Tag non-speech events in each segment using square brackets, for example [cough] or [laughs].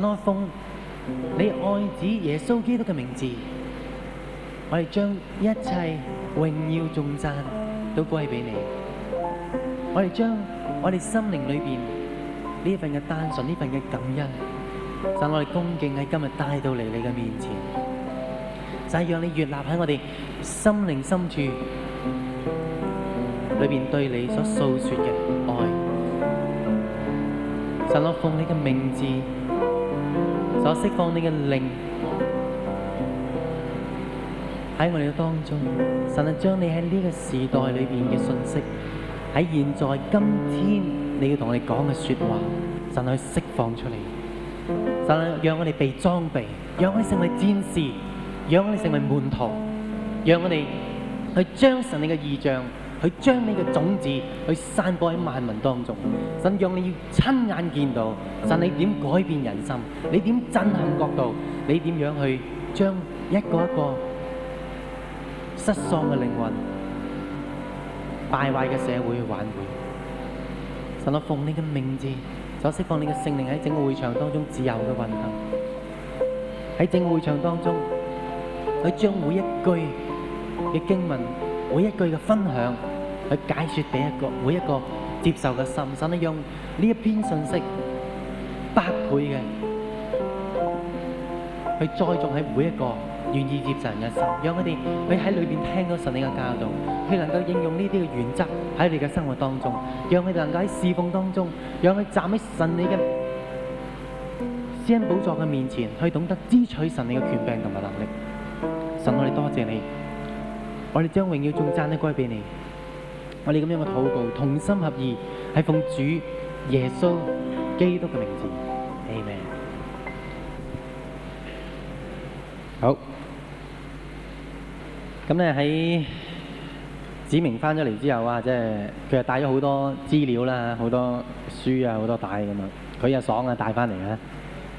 神，我奉你愛子耶穌基督嘅名字，我哋將一切榮耀頌讚都歸俾你。我哋將我哋心靈裏邊呢份嘅單純、呢份嘅感恩，神我哋恭敬喺今日帶到嚟你嘅面前，就係讓你悅納喺我哋心靈深處裏邊對你所訴說嘅愛。神，我奉你嘅名字。我釋放你嘅靈喺我哋嘅當中，神啊將你喺呢個時代裏邊嘅信息喺現在今天你要同我哋講嘅說話，神去釋放出嚟，神啊讓我哋被裝備，讓我哋成為戰士，讓我哋成為門徒，讓我哋去將神你嘅異象，去將你嘅種子去散播喺萬民當中，神讓你要親眼見到。神，你點改變人心？你點震撼國度？你點樣去將一個一個失喪嘅靈魂、敗壞嘅社會挽回？神，我奉你嘅名字，我釋放你嘅聖靈喺整個會場當中自由嘅運行，喺整個會場當中，去將每一句嘅經文、每一句嘅分享去解説俾一個每一個接受嘅心。神，你用呢一篇信息。百倍嘅，去栽種喺每一個願意接受人的神嘅心，讓佢哋去喺裏邊聽到神你嘅教導，去佢能夠應用呢啲嘅原則喺你嘅生活當中，讓佢哋能夠喺侍奉當中，讓佢站喺神你嘅施恩寶座嘅面前，去懂得支取神你嘅權柄同埋能力。神，我哋多謝你，我哋將榮耀仲讚美歸俾你。我哋咁樣嘅禱告，同心合意，係奉主耶穌基督嘅名字。好，咁咧喺子明翻咗嚟之後啊，即係佢又帶咗好多資料啦，好多書啊，好多帶咁啊，佢又爽啊帶翻嚟啊，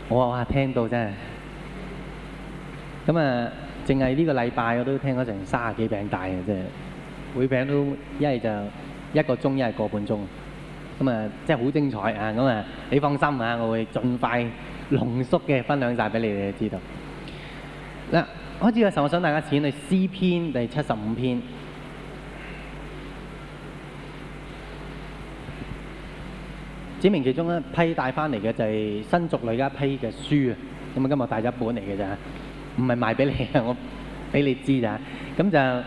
我話哇聽到真係，咁啊淨係呢個禮拜我都聽咗成卅幾餅帶嘅，即係每餅都一係就一個鐘，一係個半鐘，咁啊真係好精彩啊，咁啊你放心啊，我會盡快濃縮嘅，分享晒俾你哋知道。嗱，開始嘅時候，我想大家試你詩篇第七十五篇。指明其中批一批帶翻嚟嘅就係新族裏嘅一批嘅書啊，咁啊，今日帶咗一本嚟嘅咋，唔係賣俾你我俾你知咋，咁就誒，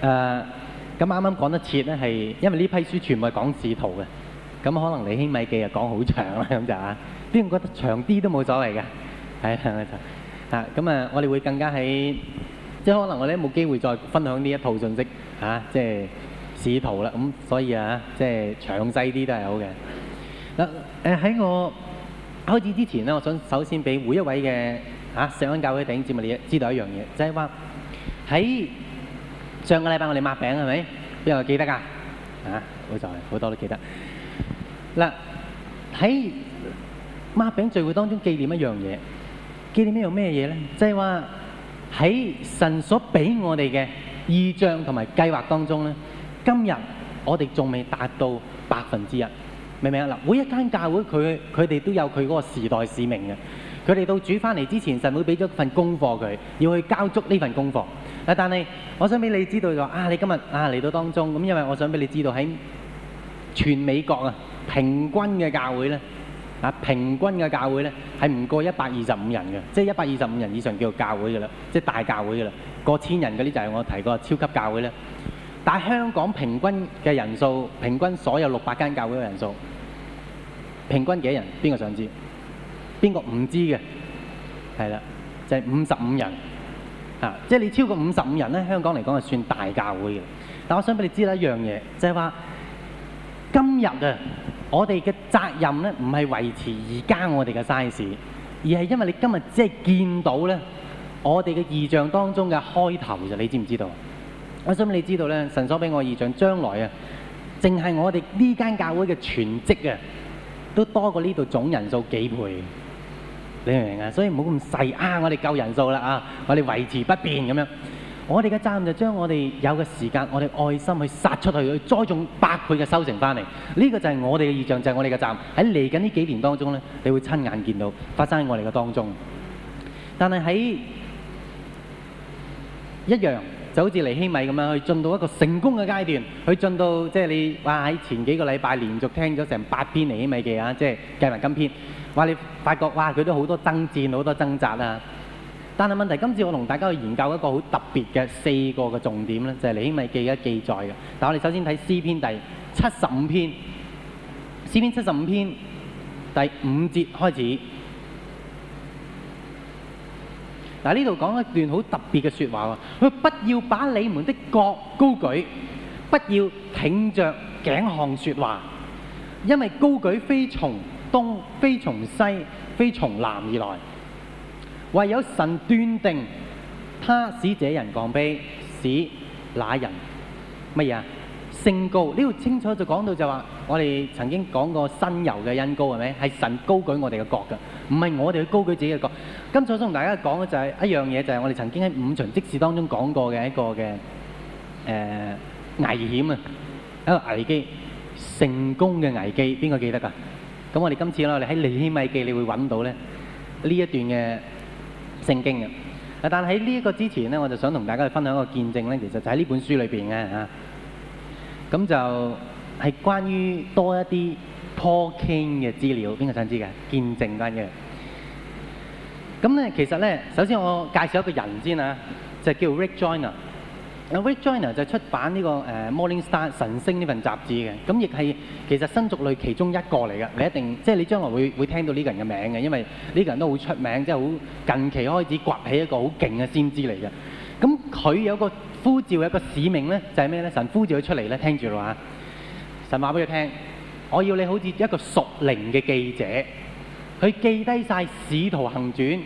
咁啱啱講得切咧，係因為呢批書全部係講仕途嘅，咁可能尼希米記又講好長啦，咁就啊，邊個覺得長啲都冇所謂嘅，係、哎、啦。啊，咁啊，我哋會更加喺，即係可能我哋冇機會再分享呢一套信息嚇、啊，即係試圖啦，咁所以啊，即係詳細啲都係好嘅。嗱、啊，誒喺我開始之前咧，我想首先俾每一位嘅嚇上恩教會頂尖節目你知道一樣嘢，就係話喺上個禮拜我哋抹餅係咪？邊個記得啊？啊，好在好多都記得。嗱、啊，喺抹餅聚會當中紀念一樣嘢，記點咩用咩嘢咧？即係話喺神所俾我哋嘅異象同埋計劃當中咧，今日我哋仲未達到百分之一，明唔明啊？嗱，每一間教會佢佢哋都有佢嗰個時代使命嘅，佢哋到主翻嚟之前，神會俾咗份功課佢，要去交足呢份功課。但係我想俾你知道就話啊，你今日啊嚟到當中，咁因為我想俾你知道喺全美國啊平均嘅教會咧。啊，平均嘅教會咧係唔過一百二十五人嘅，即係一百二十五人以上叫做教會嘅啦，即係大教會嘅啦。過千人嗰啲就係我提過嘅超級教會咧。但係香港平均嘅人數，平均所有六百間教會嘅人數，平均幾多人？邊個想知？邊個唔知嘅？係啦，就係五十五人。啊，即係你超過五十五人咧，香港嚟講係算大教會嘅。但我想俾你知啦一樣嘢，就係話。今日啊，我哋嘅責任咧，唔係維持而家我哋嘅 size，而係因為你今日只係見到咧，我哋嘅異象當中嘅開頭啫，你知唔知道？我想你知道咧，神所俾我異象將來啊，淨係我哋呢間教會嘅全職啊，都多過呢度總人數幾倍，你明唔明啊？所以唔好咁細啊，我哋夠人數啦啊，我哋維持不變咁樣。我哋嘅責任就將我哋有嘅時間，我哋愛心去撒出去，去栽種百倍嘅收成翻嚟。呢、這個就係我哋嘅異象，就係、是、我哋嘅責任喺嚟緊呢幾年當中咧，你會親眼見到發生喺我哋嘅當中。但係喺一樣就好似尼希米咁樣，去進到一個成功嘅階段，去進到即係、就是、你話喺前幾個禮拜連續聽咗成八篇尼希米記啊，即、就、係、是、計埋今篇，話你發覺哇，佢都好多爭戰，好多掙扎啊！但係問題，今次我同大家去研究一個好特別嘅四個嘅重點咧，就係尼希米記一記載嘅。但係我哋首先睇《詩篇》第七十五篇，《詩篇》七十五篇第五節開始。嗱，呢度講一段好特別嘅説話喎，佢，不要把你們的角高舉，不要挺著頸項説話，因為高舉非從東，非從西，非從南而來。唯有神斷定，他使這人降卑，使那人乜嘢啊？升高。呢度清楚就講到就話，我哋曾經講過新遊嘅恩高係咩？係神高舉我哋嘅角㗎，唔係我哋去高舉自己嘅角。今次我想同大家講嘅就係一樣嘢，就係我哋曾經喺五巡即事當中講過嘅一個嘅誒危險啊，一個危機，成功嘅危機。邊個記得㗎？咁我哋今次咧，我哋喺尼希米記，你會揾到咧呢一段嘅。聖經嘅，但喺呢一個之前呢，我就想同大家去分享一個見證呢，其實就喺呢本書裏邊嘅嚇。咁、啊、就係關於多一啲 Paul King 嘅資料，邊個想知嘅見證關嘅咁呢，其實呢，首先我先介紹一個人先啊，就叫 Rick Joyner。嗱，Rick Joyner 就出版呢個誒 Morning Star 神星呢份雜誌嘅，咁亦係其實新族類其中一個嚟嘅，你一定即係、就是、你將來會會聽到呢個人嘅名嘅，因為呢個人都好出名，即係好近期開始崛起一個好勁嘅先知嚟嘅。咁佢有個呼召有一個使命咧，就係咩咧？神呼召佢出嚟咧，聽住啦，話，神話俾佢聽，我要你好似一個熟靈嘅記者，佢記低晒《使徒行傳》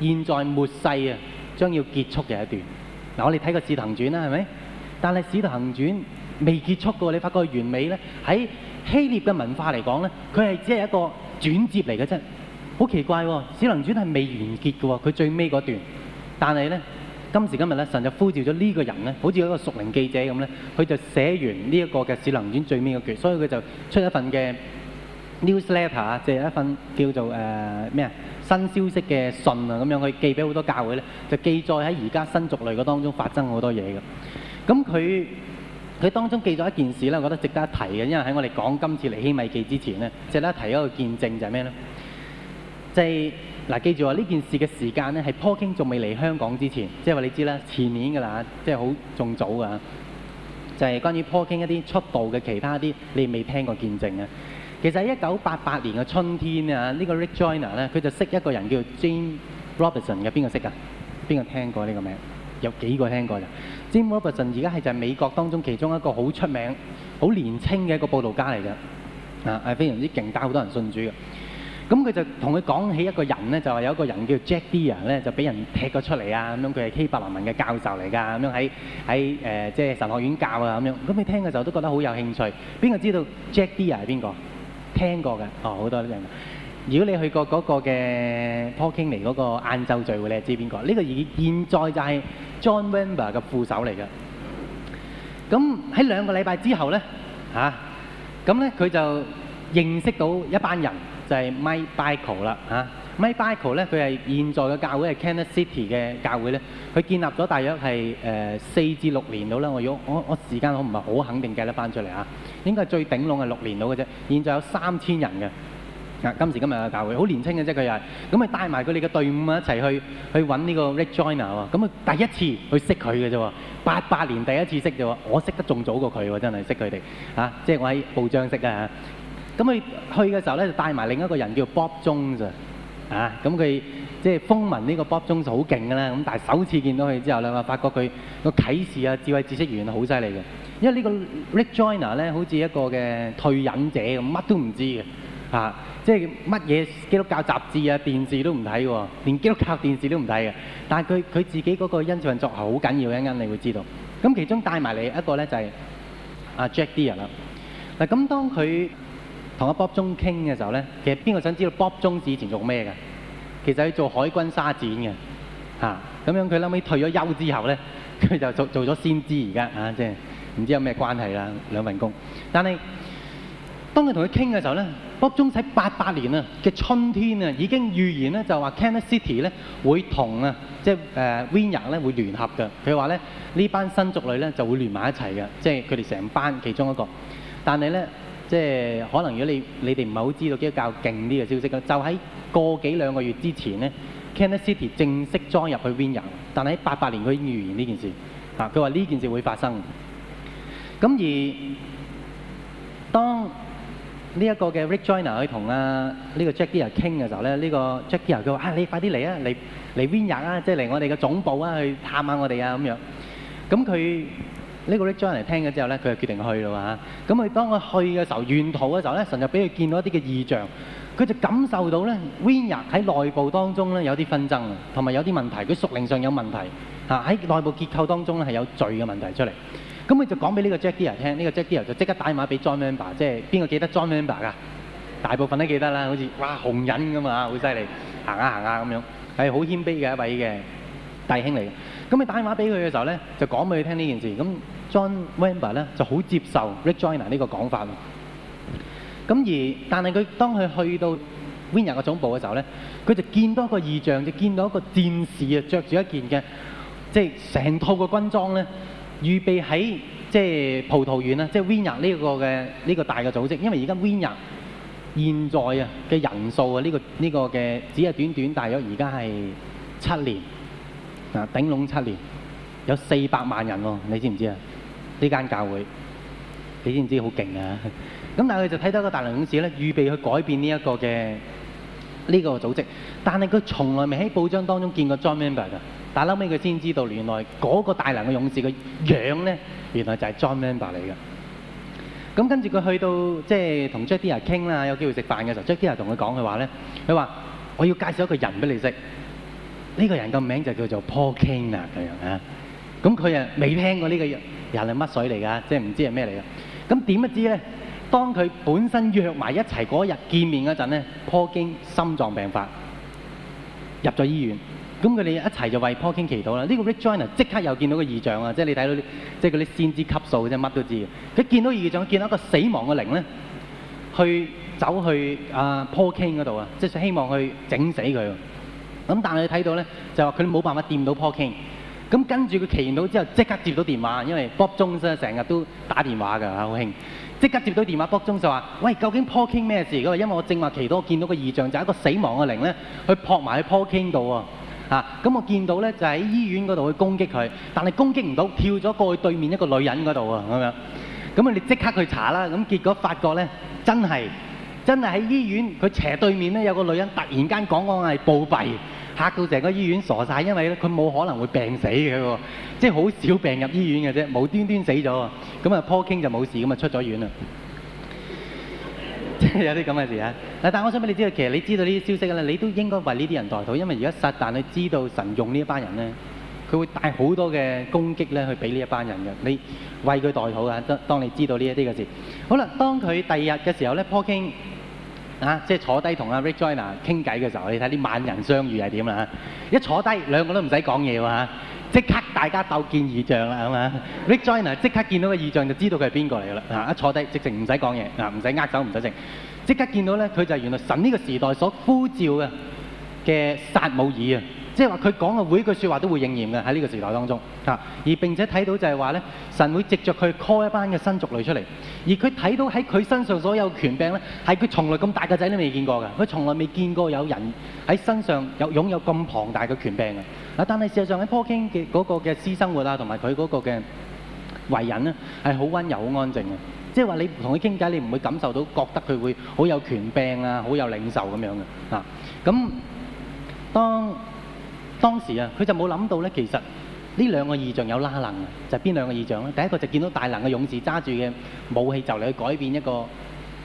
現在末世啊將要結束嘅一段。嗱，我哋睇過《使徒行傳》啦，係咪？但係《使徒行傳》未結束嘅喎，你發覺完美咧。喺希臘嘅文化嚟講咧，佢係只係一個轉接嚟嘅啫，好奇怪喎、哦！《使徒行傳》係未完結嘅喎，佢最尾嗰段。但係咧，今時今日咧，神就呼召咗呢個人咧，好似一個屬靈記者咁咧，佢就寫完呢一個嘅《使徒行傳》最尾嘅結，所以佢就出一份嘅。newsletter 啊，即係一份叫做誒咩、呃、新消息嘅信啊，咁樣佢寄俾好多教會咧，就記載喺而家新族類嘅當中發生好多嘢嘅。咁佢佢當中記載了一件事咧，我覺得值得一提嘅，因為喺我哋講今次尼希米記之前咧，即係咧提一個見證就係咩咧？即係嗱，記住喎，呢件事嘅時間咧係 Paul King 仲未嚟香港之前，即係話你知啦，前年㗎啦，即係好仲早㗎。就係、是、關於 Paul King 一啲出道嘅其他啲你未聽過見證啊。其實一九八八年嘅春天啊，呢個 Rick Joyner 咧，佢就識一個人叫 Jim Robertson 嘅。邊個識啊？邊個聽過呢個名？有幾個聽過啫？Jim Robertson 而家係就係美國當中其中一個好出名、好年輕嘅一個佈道家嚟㗎啊！係非常之勁，教好多人信主嘅。咁佢就同佢講起一個人咧，就話有一個人叫 Jack Deere 咧，就俾人踢咗出嚟啊！咁樣佢係希伯來文嘅教授嚟㗎，咁樣喺喺誒即係神學院教啊咁樣。咁佢聽嘅時候都覺得好有興趣。邊個知道 Jack Deere 係邊個？聽過嘅。哦，好多名人。如果你去過嗰個嘅 Porkington 嗰個晏晝聚會，你係知邊個？呢個現現在就係 John Wimber 嘅副手嚟嘅。咁喺兩個禮拜之後咧，嚇咁咧佢就認識到一班人，就係 Mike Bickle 啦嚇。Mike Bickle 咧，佢係現在嘅教會係 Kansas City 嘅教會咧。佢建立咗大約係誒四至六年到啦。我我我時間我唔係好肯定計得翻出嚟啊。應該係最頂籠係六年到嘅啫。現在有三千人嘅啊，今時今日嘅教會好年輕嘅啫，佢又係咁，佢帶埋佢哋嘅隊伍啊，一齊去去揾呢個 Rick Joiner 喎。咁啊，第一次去識佢嘅啫喎，八八年第一次識嘅喎，我識得仲早過佢喎，真係識佢哋啊，即係我喺報章識啊。嚇。咁啊，去嘅時候咧就帶埋另一個人叫 Bob Jones 咋。啊，咁佢即係風聞呢個 Bob Jones，就好勁㗎啦。咁但係首次見到佢之後咧，我發覺佢個啟示啊、智慧知識源好犀利嘅。因為呢個 Rick Joyner 咧，好似一個嘅退隱者咁，乜都唔知嘅。即係乜嘢基督教雜誌啊、電視都唔睇喎，連基督教電視都唔睇嘅。但係佢佢自己嗰個恩賜運作係好緊要嘅，一陣間你會知道。咁其中帶埋嚟一個咧就係、是、阿、啊、Jack Deere 啦。嗱、啊，咁當佢。同阿 Bob 中傾嘅時候咧，其實邊個想知道 Bob 中以前做咩㗎？其實佢做海軍沙展嘅，咁、啊、樣佢後屘退咗休之後咧，佢就做做咗先知，而家即係唔知有咩關係啦，兩份工。但係當佢同佢傾嘅時候咧，Bob 中喺八八年啊嘅春天啊，已經預言咧就話 Kansas City 咧會同啊即、就、係、是、w、呃、Vineyard 咧會聯合嘅。佢話咧呢班新族類咧就會聯埋一齊嘅，即係佢哋成班其中一個。但係咧。即係可能如果你你哋唔係好知道比較勁啲嘅消息啦，就喺個幾兩個月之前咧，Kansas City 正式裝入去 Vineyard，但係喺八八年佢已經預言呢件事，啊，佢話呢件事會發生。咁而當呢一個嘅 Rick Joyner 去同啊呢個 Jack Deere 傾嘅時候咧，呢個 Jack Deere 佢話啊，你快啲嚟啊，嚟嚟 Vineyard 啊，即係嚟我哋嘅總部啊，去探下我哋啊咁樣。咁佢。呢、這個呢 John 嚟聽咗之後呢，佢就決定去咯嚇。咁、啊、佢當佢去嘅時候，沿途嘅時候呢，神就俾佢見到一啲嘅異象。佢就感受到呢 winner 喺內部當中呢有啲紛爭，同埋有啲問題。佢屬靈上有問題，嚇、啊、喺內部結構當中呢係有罪嘅問題出嚟。咁佢就講俾呢個 Jackie 人聽，呢、這個 Jackie 人就即刻打電話俾 John Member，即係邊個記得 John Member 啊？大部分都記得啦，好似哇紅人咁啊，好犀利，行下、啊、行下、啊、咁樣，係好謙卑嘅一位嘅弟兄嚟。咁你打電話俾佢嘅時候咧，就講俾佢聽呢件事。咁 John Wimber 咧就好接受 Rick Joyner 呢個講法。咁而但係佢當佢去到 Vineyard 嘅總部嘅時候咧，佢就見到一個異象，就見到一個戰士啊，着住一件嘅即係成套嘅軍裝咧，預備喺即係葡萄園啊，即係 Vineyard 呢個嘅呢、呢個大嘅組織。因為而家 Vineyard 現在啊嘅人數啊呢、呢個呢、呢個嘅，只係短短大約而家係七年。頂籠七年有四百萬人喎，你知唔知啊？呢間教會，你知唔知好勁啊？咁 [laughs] 但係佢就睇到一個大能勇士咧，預備去改變呢一個嘅呢、呢個組織，但係佢從來未喺報章當中見過 John Member 啊！但係後尾佢先知道，原來嗰個大能嘅勇士嘅樣咧，原來就係 John Member 嚟嘅。咁跟住佢去到即係同 Judy 啊傾啦，有機會食飯嘅時候，Judy 同佢講嘅話咧，佢 [laughs] 話我要介紹一個人俾你識。呢、這個人個名就叫做 Paul King 啦，咁樣啊，咁佢啊未聽過呢個人係乜水嚟㗎，即係唔知係咩嚟㗎。咁點不知咧？當佢本身約埋一齊嗰日見面嗰陣咧，Paul King 心臟病發，入咗醫院。咁佢哋一齊就為 Paul King 祈禱啦。呢、這個 Rich Joyner 即刻又見到個異象啊，即係你睇到即係嗰啲先知級數嘅，即係乜都知。佢見到異象，見到一個死亡嘅靈咧，去走去啊、uh, Paul King 嗰度啊，即係希望去整死佢。咁但係你睇到咧，就話佢冇辦法掂到 Paul King。咁跟住佢奇到之後，即刻接到電話，因為 Bob Jones 成日都打電話㗎好興。即刻接到電話，Bob Jones 就話：喂，究竟 Paul King 咩事？因為我正話奇到，我見到個異象就係、是、一個死亡嘅靈咧，去撲埋去 Paul King 度啊。嚇，咁我見到咧就喺醫院嗰度去攻擊佢，但係攻擊唔到，跳咗過去對面一個女人嗰度啊咁樣。咁啊，你即刻去查啦。咁結果發覺咧，真係。真係喺醫院，佢斜對面呢，有個女人突然間講講係暴斃，嚇到成個醫院傻晒，因為咧佢冇可能會病死嘅喎，即係好少病入醫院嘅啫，冇端端死咗，咁啊 p 就冇事，咁啊出咗院啦，即係有啲咁嘅事啊！嗱，但係我想俾你知道，其實你知道呢啲消息啦，你都應該為呢啲人代禱，因為而家撒但佢知道神用呢一班人咧。佢會帶好多嘅攻擊咧，去俾呢一班人嘅。你為佢代好啊！當當你知道呢一啲嘅事，好啦，當佢第二日嘅時候咧，Paul Cain 啊，即係坐低同阿 Rick Joyner 傾偈嘅時候，你睇啲萬人相遇係點啦？一坐低，兩個都唔使講嘢喎嚇，即刻大家鬥見異象啦，係嘛？Rick Joyner 即刻見到個異象就知道佢係邊個嚟嘅啦嚇，一坐低直情唔使講嘢啊，唔使握手唔使食，即刻見到咧，佢就原來神呢個時代所呼召嘅嘅撒母耳啊！即係話佢講嘅每一句説話都會應驗嘅喺呢個時代當中嚇、啊，而並且睇到就係話咧，神會藉着佢 call 一班嘅新族類出嚟，而佢睇到喺佢身上所有權柄咧，係佢從來咁大個仔都未見過嘅，佢從來未見過有人喺身上有擁有咁龐大嘅權柄嘅。啊，但係事實上喺 Paul King 嘅嗰個嘅私生活啦、啊，同埋佢嗰個嘅為人呢、啊，係好温柔、好安靜嘅。即係話你同佢傾偈，你唔會感受到覺得佢會好有權柄啊，好有領袖咁樣嘅嚇。咁、啊、當當時啊，佢就冇諗到呢。其實呢兩個異象有拉能啊，就係、是、邊兩個異象咧？第一個就見到大能嘅勇士揸住嘅武器，就嚟去改變一個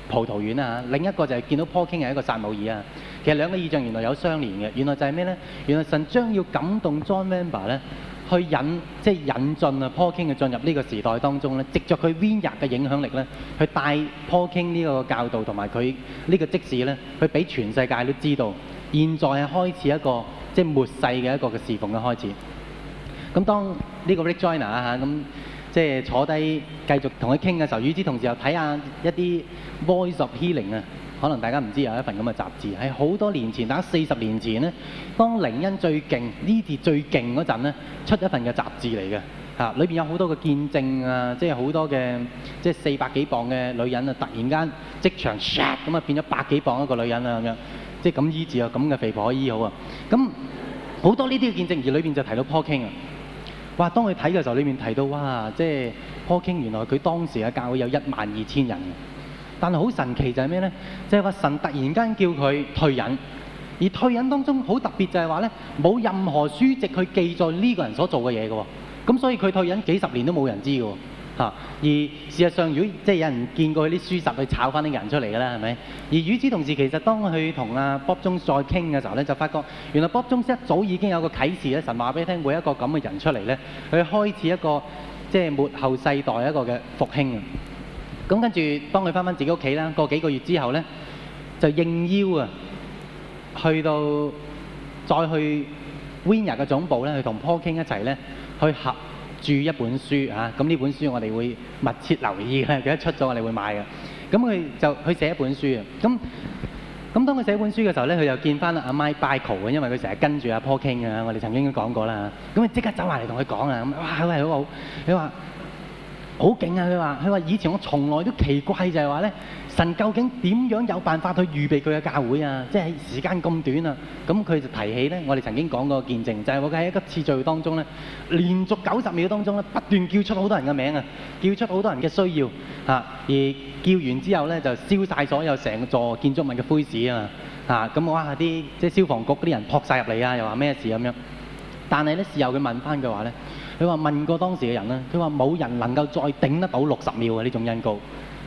葡萄園啊！另一個就係見到 Paul King 係一個撒母耳啊。其實兩個異象原來有相連嘅，原來就係咩呢？原來神將要感動 John Member 呢，去引即係、就是、引進啊 Paul King 嘅進入呢個時代當中呢，藉着佢 Vineyard 嘅影響力呢，去帶 Paul King 呢個教導同埋佢呢個職事呢，去俾全世界都知道，現在係開始一個。即係末世嘅一個嘅侍奉嘅開始。咁當呢個 Rick Joyner 啊嚇，咁即係坐低繼續同佢傾嘅時候，與之同時又睇下一啲 Voice of Healing 啊，可能大家唔知道有一份咁嘅雜誌喺好多年前，大概四十年前呢，當靈恩最勁、醫治最勁嗰陣咧，出一份嘅雜誌嚟嘅嚇，裏邊有好多嘅見證啊，即係好多嘅即係四百幾磅嘅女人啊，突然間即場咁啊變咗百幾磅的一個女人啊。咁樣。即係咁醫治啊，咁嘅肥婆可醫好啊，咁好多呢啲嘅見證，而裏面就提到坡 king 啊，哇！當佢睇嘅時候，裏面提到哇，即係坡 king 原來佢當時嘅教會有一萬二千人，但係好神奇就係咩呢？即係話神突然間叫佢退隱，而退隱當中好特別就係話呢，冇任何書籍去記載呢個人所做嘅嘢嘅，咁所以佢退隱幾十年都冇人知嘅。嚇！而事實上，如果即係有人見過啲書籍去炒翻啲人出嚟㗎啦，係咪？而與此同時，其實當佢同阿 Bob Jones 傾嘅時候咧，就發覺原來 Bob Jones 一早已經有個啟示咧，神話俾你聽每一個咁嘅人出嚟咧，去開始一個即係末後世代一個嘅復興啊！咁跟住當佢翻翻自己屋企啦。過幾個月之後咧，就應邀啊，去到再去 Vienna 嘅總部咧，去同 Paul 傾一齊咧，去合。注一本書嚇，咁呢本書我哋會密切留意嘅，佢一出咗我哋會買嘅。咁佢就佢寫一本書嘅，咁咁當佢寫本書嘅時候咧，佢又見翻阿 Mike Bickle 嘅，因為佢成日跟住阿 Paul 傾嘅，我哋曾經都講過啦。咁佢即刻走埋嚟同佢講啊，咁哇喂好好，你話？好勁啊，佢話，佢話，以前我從來都奇怪，就係話呢，神究竟點樣有辦法去預備佢嘅教會啊，即係時間咁短啊，咁佢就提起呢，我哋曾經講過嘅見證，就係我喺一次聚會當中呢，連續90秒當中，不斷叫出好多人嘅名啊，叫出好多人嘅需要，而叫完之後呢，就燒曬所有成座建築物嘅灰紙啊，咁我話啲，即係消防局啲人撲曬入嚟啊，又話咩事咁樣，但係呢，事後佢問翻嘅話呢，佢話問過當時嘅人啦，佢話冇人能夠再頂得到六十秒嘅呢種恩膏，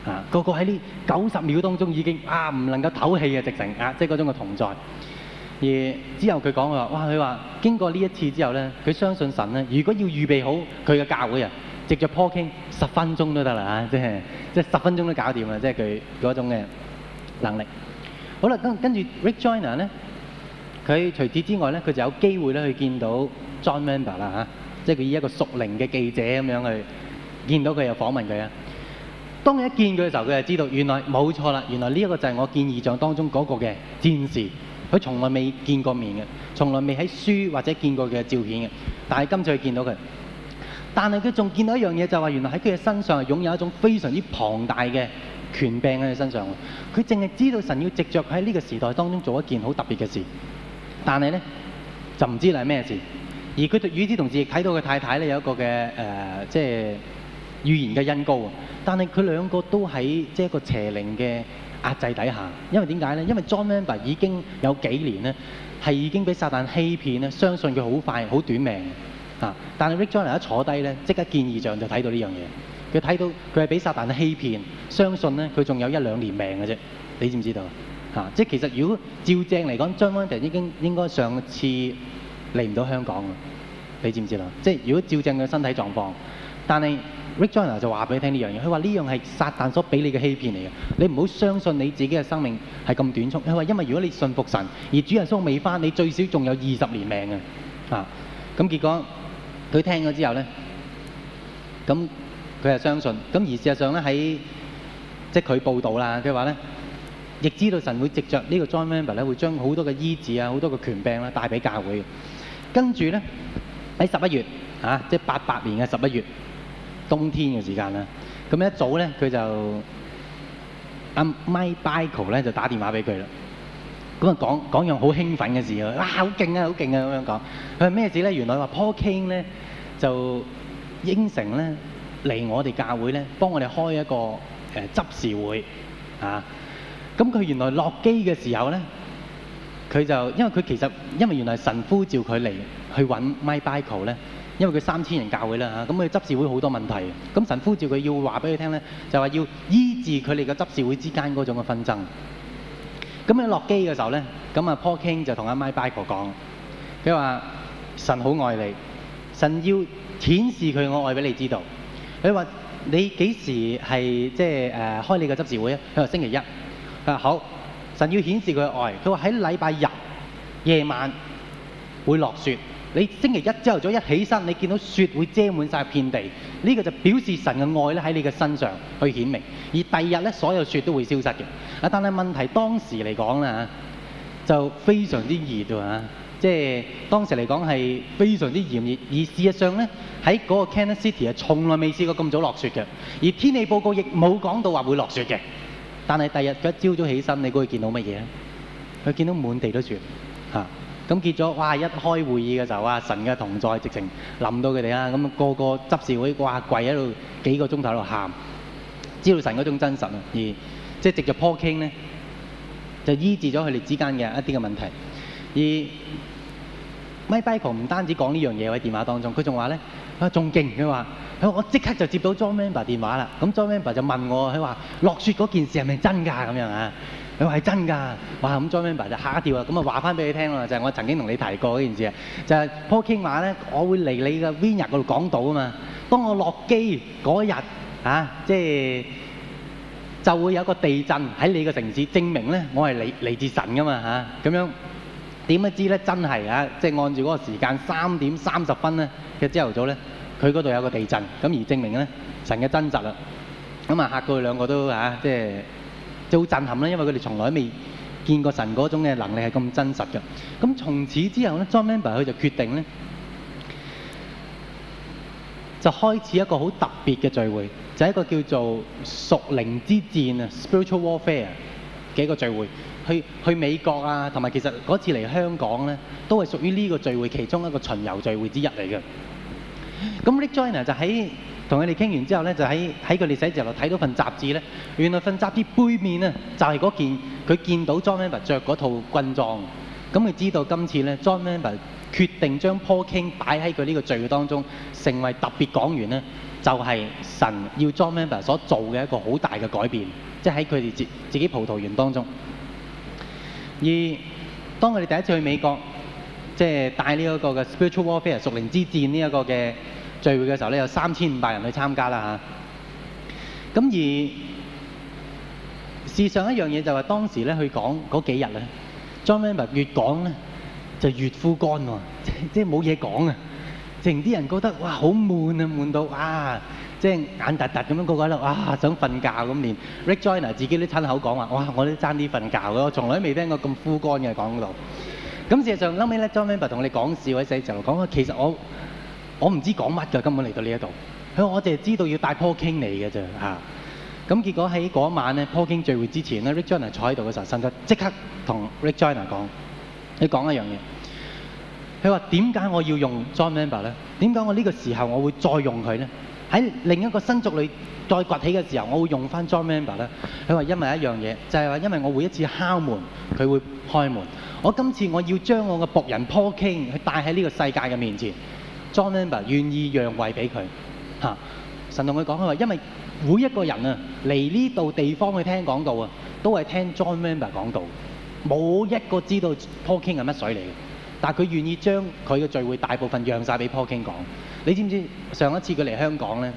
啊個個喺呢九十秒當中已經啊唔能夠唞氣嘅直情啊，即係嗰種嘅同在。而之後佢講話，哇！佢話經過呢一次之後咧，佢相信神咧，如果要預備好佢嘅教會啊，直接 poke 傾十分鐘都得啦嚇，即係即係十分鐘都搞掂啦，即係佢嗰種嘅能力。好啦，跟跟住 Rick Joiner 咧，佢除此之外咧，佢就有機會咧去見到 John Wimber 啦嚇。即係佢以一個熟靈嘅記者咁樣去見到佢，又訪問佢啊。當佢一見佢嘅時候，佢就知道原來冇錯啦。原來呢一個就係我見異象當中嗰個嘅戰士。佢從來未見過面嘅，從來未喺書或者見過佢嘅照片嘅，但係今次佢見到佢。但係佢仲見到一樣嘢，就話係原來喺佢嘅身上擁有一種非常之龐大嘅權柄喺佢身上。佢淨係知道神要藉著佢喺呢個時代當中做一件好特別嘅事，但係呢，就唔知係咩事。而佢與之同志亦睇到佢太太咧有一個嘅誒、呃，即係預言嘅恩膏。但係佢兩個都喺即係一個邪靈嘅壓制底下。因為點解咧？因為 John Member 已經有幾年咧係已經俾撒旦欺騙咧，相信佢好快好短命啊！但係 Rick John 一坐低咧，即刻見異象就睇到呢樣嘢。佢睇到佢係俾撒旦欺騙，相信咧佢仲有一兩年命嘅啫。你知唔知道啊？即係其實如果照正嚟講，John Member 已經應該上次，嚟唔到香港啊，你知唔知啦？即係如果照正佢身體狀況，但係 Rick Joyner 就話俾你聽呢樣嘢，佢話呢樣係撒但所俾你嘅欺騙嚟嘅，你唔好相信你自己嘅生命係咁短促。佢話因為如果你信服神，而主耶穌未返，你最少仲有二十年命嘅啊！咁、啊、結果佢聽咗之後呢，咁佢係相信。咁而事實上呢，喺即係佢報導啦，佢話呢亦知道神會藉着呢、這個 John Member 咧，會將好多嘅醫治啊、好多嘅權柄咧帶俾教會。跟住咧，喺十一月啊，即係八八年嘅十一月，冬天嘅時間啦。咁一早咧，佢就阿 Mike Biko 咧就打電話俾佢啦。咁啊講講樣好興奮嘅事啊，哇好勁啊好勁啊咁樣講。佢話咩事咧？原來話 Paul King 咧就應承咧嚟我哋教會咧幫我哋開一個誒執事會啊。咁佢原來落機嘅時候咧。佢就因為佢其實因為原來神呼召佢嚟去揾 Michael 咧，因為佢三千人教會啦嚇，咁佢執事會好多問題，咁神呼召佢要話俾佢聽咧，就話要醫治佢哋嘅執事會之間嗰種嘅紛爭。咁喺落機嘅時候咧，咁啊 Paul King 就同阿 Michael 講，佢話神好愛你，神要顯示佢我愛俾你知道。佢話你幾時係即係誒開你個執事會啊？佢話星期一。佢話好。神要顯示佢嘅愛，佢話喺禮拜日夜晚會落雪。你星期一朝頭早一起身，你見到雪會遮滿晒片地。呢、這個就表示神嘅愛咧喺你嘅身上去顯明。而第二日咧，所有雪都會消失嘅。啊，但係問題當時嚟講咧就非常之熱啊，即、就、係、是、當時嚟講係非常之炎熱的。而事實上咧，喺嗰個 Kansas City 啊，從來未試過咁早落雪嘅。而天氣報告亦冇講到話會落雪嘅。但係第日佢一朝早起身，你估佢見到乜嘢？佢見到滿地都雪，嚇！咁結咗，哇！一開會議嘅時候，哇！神嘅同在，直情淋到佢哋啦！咁個個執事會，哇！跪喺度幾個鐘頭喺度喊，知道神嗰種真實啊！而即係直接 poke 傾咧，就醫治咗佢哋之間嘅一啲嘅問題。而 Michael 唔單止講呢樣嘢，喺電話當中佢仲話咧，啊仲勁！佢話。佢我即刻就接到 John Mamba 電話啦，咁 John Mamba 就問我，佢話落雪嗰件事係咪真㗎咁樣啊？佢話係真㗎，哇！咁 John Mamba 就嚇一跳啊，咁啊話翻俾你聽咯，就係我曾經同你提過嗰件事啊，就係 Paul King 嘛咧，我會嚟你嘅 Vienna 嗰度講到啊嘛。當我落機嗰日啊，即係就會有個地震喺你嘅城市，證明咧我係嚟嚟自神㗎嘛嚇。咁樣點樣知咧真係啊？即係按住嗰個時間三點三十分咧嘅朝頭早咧。佢嗰度有個地震，咁而證明咧神嘅真實啦。咁啊嚇到佢兩個都嚇，即係，啊，就好震撼啦，因為佢哋從來未見過神嗰種嘅能力係咁真實嘅。咁從此之後咧，John Member 佢就決定咧，就開始一個好特別嘅聚會，就係一個叫做屬靈之戰啊 （spiritual warfare） 嘅一個聚會。去去美國啊，同埋其實嗰次嚟香港咧，都係屬於呢個聚會其中一個巡遊聚會之一嚟嘅。咁 Rick Joyner 就喺同佢哋傾完之後咧，就喺喺佢哋寫字樓睇到份雜誌咧。原來份雜誌背面呢，就係、是、嗰件佢見到 John Member 着嗰套軍裝。咁佢知道今次咧，John Member 決定將 Paul King 擺喺佢呢個聚會當中，成為特別講員咧，就係、是、神要 John Member 所做嘅一個好大嘅改變，即係喺佢哋自自己葡萄園當中。而當佢哋第一次去美國，即、就、係、是、帶呢一個嘅 Spiritual Warfare 屬靈之戰呢一個嘅。聚會嘅時候咧，有三千五百人去參加啦嚇。咁而事實上一樣嘢就係當時咧，佢講嗰幾日咧，John Mable 越講咧就越枯乾喎，即係冇嘢講啊！成啲人覺得哇好悶啊，悶到啊，即係眼突突咁樣個個喺度啊，想瞓覺咁。連 Rick Joyner 自己都親口講話：哇，我都爭啲瞓覺㗎，我從來都未聽過咁枯乾嘅講到。咁事實上後尾咧，John Mable 同我哋講笑喺嗰陣，講話其實我。我唔知講乜㗎，根本嚟到呢一度。佢話我淨係知道要帶 Paul King 嚟嘅啫嚇。咁、啊、結果喺嗰晚咧，Paul King 聚會之前咧，Rick Joyner 坐喺度嘅時候，甚至即刻同 Rick Joyner 講：你講一樣嘢。佢話點解我要用 John Member 咧？點解我呢個時候我會再用佢咧？喺另一個新族裏再崛起嘅時候，我會用翻 John Member 咧？佢話因為一樣嘢，就係、是、話因為我每一次敲門，佢會開門。我今次我要將我嘅僕人 Paul King 去帶喺呢個世界嘅面前。John Member 願意讓位俾佢嚇，神同佢講：佢話因為每一個人啊嚟呢度地方去聽講道啊，都係聽 John Member 講道，冇一個知道 Paul King 係乜水嚟嘅。但係佢願意將佢嘅聚會大部分讓晒俾 Paul King 講。你知唔知上一次佢嚟香港咧，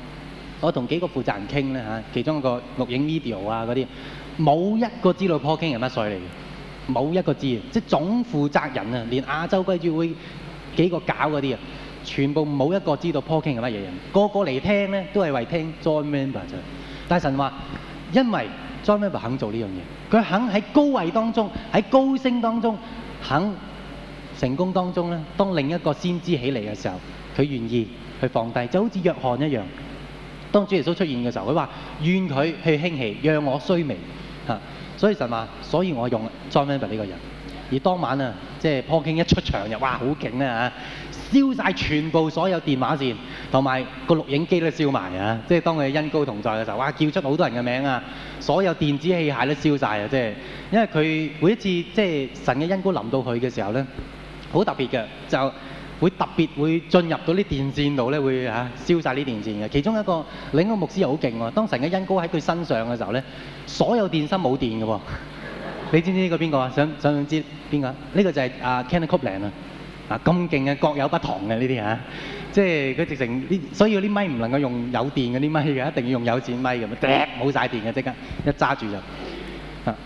我同幾個負責人傾咧嚇，其中一個錄影 video 啊嗰啲，冇一個知道 Paul King 係乜水嚟嘅，冇一個知。即係總負責人啊，連亞洲歸主會幾個搞嗰啲啊。全部冇一個知道 Paul King 係乜嘢人，個個嚟聽咧都係為聽 John Member 啫。大神話，因為 John Member 肯做呢樣嘢，佢肯喺高位當中，喺高升當中，肯成功當中咧，當另一個先知起嚟嘅時候，佢願意去放低，就好似約翰一樣。當主耶穌出現嘅時候，佢話願佢去興起，讓我衰微嚇。所以神話，所以我用 John Member 呢個人。而當晚啊，即係 Paul King 一出場就哇好勁啊嚇。燒晒全部所有電話線同埋個錄影機都燒埋啊！即係當佢恩膏同在嘅時候，哇！叫出好多人嘅名啊！所有電子器械都燒晒啊！即係因為佢每一次即係神嘅恩膏臨到佢嘅時候呢，好特別嘅，就會特別會進入到啲電線度呢，會嚇燒晒啲電線嘅。其中一個另一個牧師又好勁喎，當神嘅恩膏喺佢身上嘅時候呢，所有電芯冇電嘅喎。你知唔知呢個邊個啊？想想唔知邊個？呢個就係阿 Kenneth Copeland 啊。嗱咁勁嘅，各有不同嘅呢啲嚇，即係佢直情啲，所以嗰啲咪唔能夠用有電嘅啲咪嘅，一定要用有線咪咁樣，冇晒電嘅即刻一揸住就啊，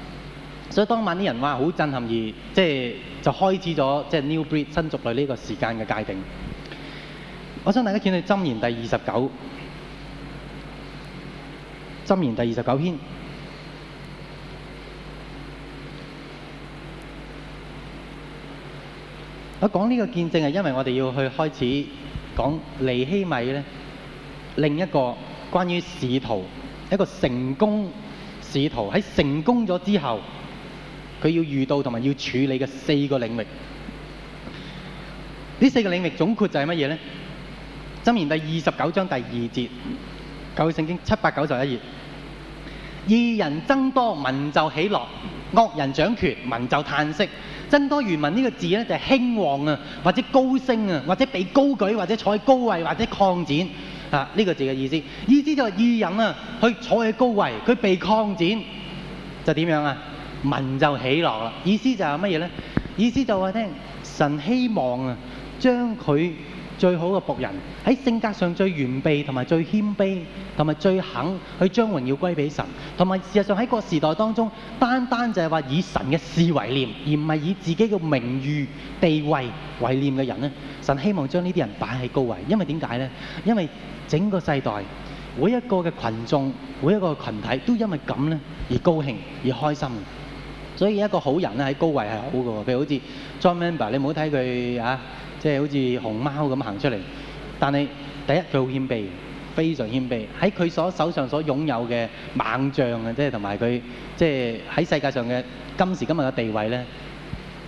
所以當晚啲人話好震撼而即係、就是、就開始咗即係 new breed 新族類呢個時間嘅界定。我想大家見到《箴言》第二十九，《箴言》第二十九篇。我講呢個見證係因為我哋要去開始講利希米咧，另一個關於仕途一個成功仕途喺成功咗之後，佢要遇到同埋要處理嘅四個領域。呢四個領域總括就係乜嘢咧？箴言第二十九章第二節，舊聖經七百九十一頁，義人增多，民就喜樂。」惡人掌權，民就嘆息；增多義人呢個字咧，就係、是、興旺啊，或者高升啊，或者被高舉，或者坐喺高位，或者擴展啊，呢、這個字嘅意思。意思就係義人啊，佢坐喺高位，佢被擴展就點樣啊？民就喜樂啦。意思就係乜嘢咧？意思就話聽神希望啊，將佢。最好嘅僕人喺性格上最完備同埋最謙卑，同埋最肯去將榮耀歸俾神，同埋事實上喺個時代當中，單單就係話以神嘅事為念，而唔係以自己嘅名譽地位為念嘅人呢，神希望將呢啲人擺喺高位，因為點解呢？因為整個世代每一個嘅群眾每一個群體都因為咁呢而高興而開心。所以一個好人咧喺高位係好嘅，譬如好似 John Member，你唔好睇佢啊。即係好似熊貓咁行出嚟，但係第一佢好謙卑，非常謙卑。喺佢所手上所擁有嘅猛將啊，即係同埋佢即係喺世界上嘅今時今日嘅地位咧，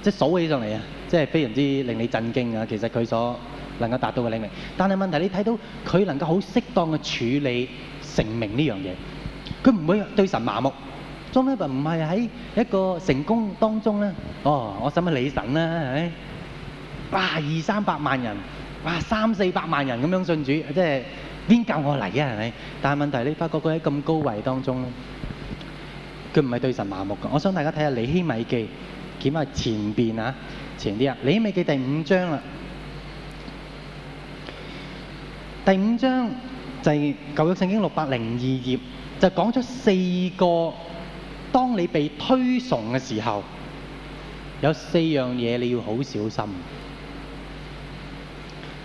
即係數起上嚟啊，即係非常之令你震驚啊！其實佢所能夠達到嘅領域，但係問題你睇到佢能夠好適當嘅處理成名呢樣嘢，佢唔會對神麻木。仲有唔係喺一個成功當中咧，哦，我使乜理神啦，係。哇，二三百萬人，哇，三四百萬人咁樣信主，即係邊夠我嚟啊？係咪？但係問題你發覺佢喺咁高位當中，佢唔係對神麻木嘅。我想大家睇下《尼希米記》，檢下前邊啊，前啲啊，《尼希米記》第五章啊，第五章就係舊約聖經六百零二頁，就講咗四個，當你被推崇嘅時候，有四樣嘢你要好小心。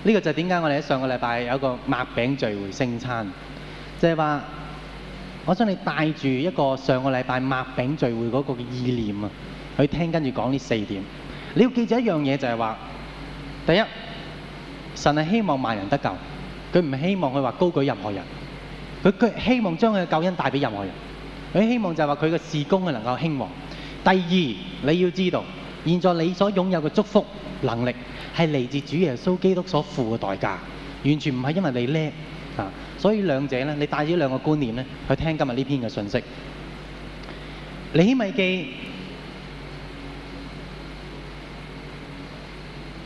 呢個就係點解我哋喺上個禮拜有個麥餅聚會聖餐，就係話我想你帶住一個上個禮拜麥餅聚會嗰個嘅意念啊，去聽跟住講呢四點。你要記住一樣嘢就係話，第一，神係希望萬人得救，佢唔希望佢話高舉任何人，佢佢希望將佢嘅救恩帶俾任何人，佢希望就係話佢嘅事工係能夠興旺。第二，你要知道，現在你所擁有嘅祝福。能力係嚟自主耶穌基督所付嘅代價，完全唔係因為你叻。所以兩者呢你帶咗兩個觀念呢去聽今日呢篇嘅信息。尼希米記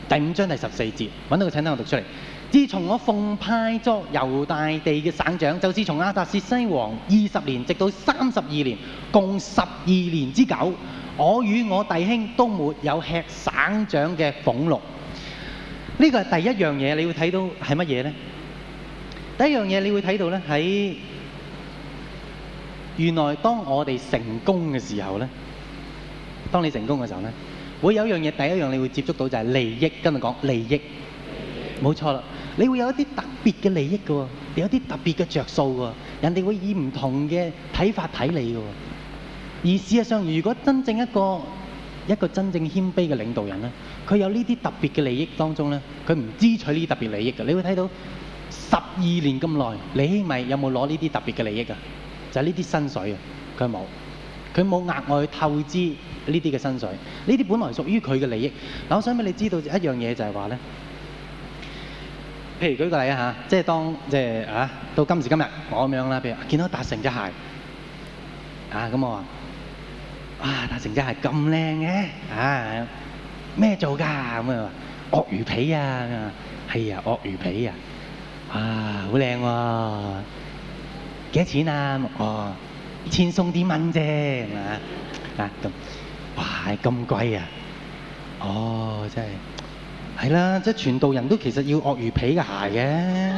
第五章第十四節，搵到個，請聽我讀出嚟。自從我奉派作猶大地嘅省長，就是從亞達薛西王二十年直到三十二年，共十二年之久。我與我弟兄都沒有吃省長嘅俸祿。而事實上，如果真正一個一個真正謙卑嘅領導人呢，佢有呢啲特別嘅利益當中呢，佢唔支取呢啲特別利益嘅。你會睇到十二年咁耐，尼希米有冇攞呢啲特別嘅利益啊？就係呢啲薪水啊，佢冇，佢冇額外透支呢啲嘅薪水。呢啲本來屬於佢嘅利益。嗱、就是，我想俾你知道一樣嘢，就係話呢，譬如舉個例啊，即係當即係啊，到今時今日我咁樣啦，譬如見到達成隻鞋啊，咁我話。哇！但成隻鞋係咁靚嘅，啊咩做㗎？咁啊，鱷魚皮啊！係啊，鱷魚皮啊！哇，好靚喎！幾多錢啊？哦，千鬆啲蚊啫，係嘛？啊，哇！咁貴啊！哦，真係係啦，即係全道人都其實要鱷魚皮嘅鞋嘅，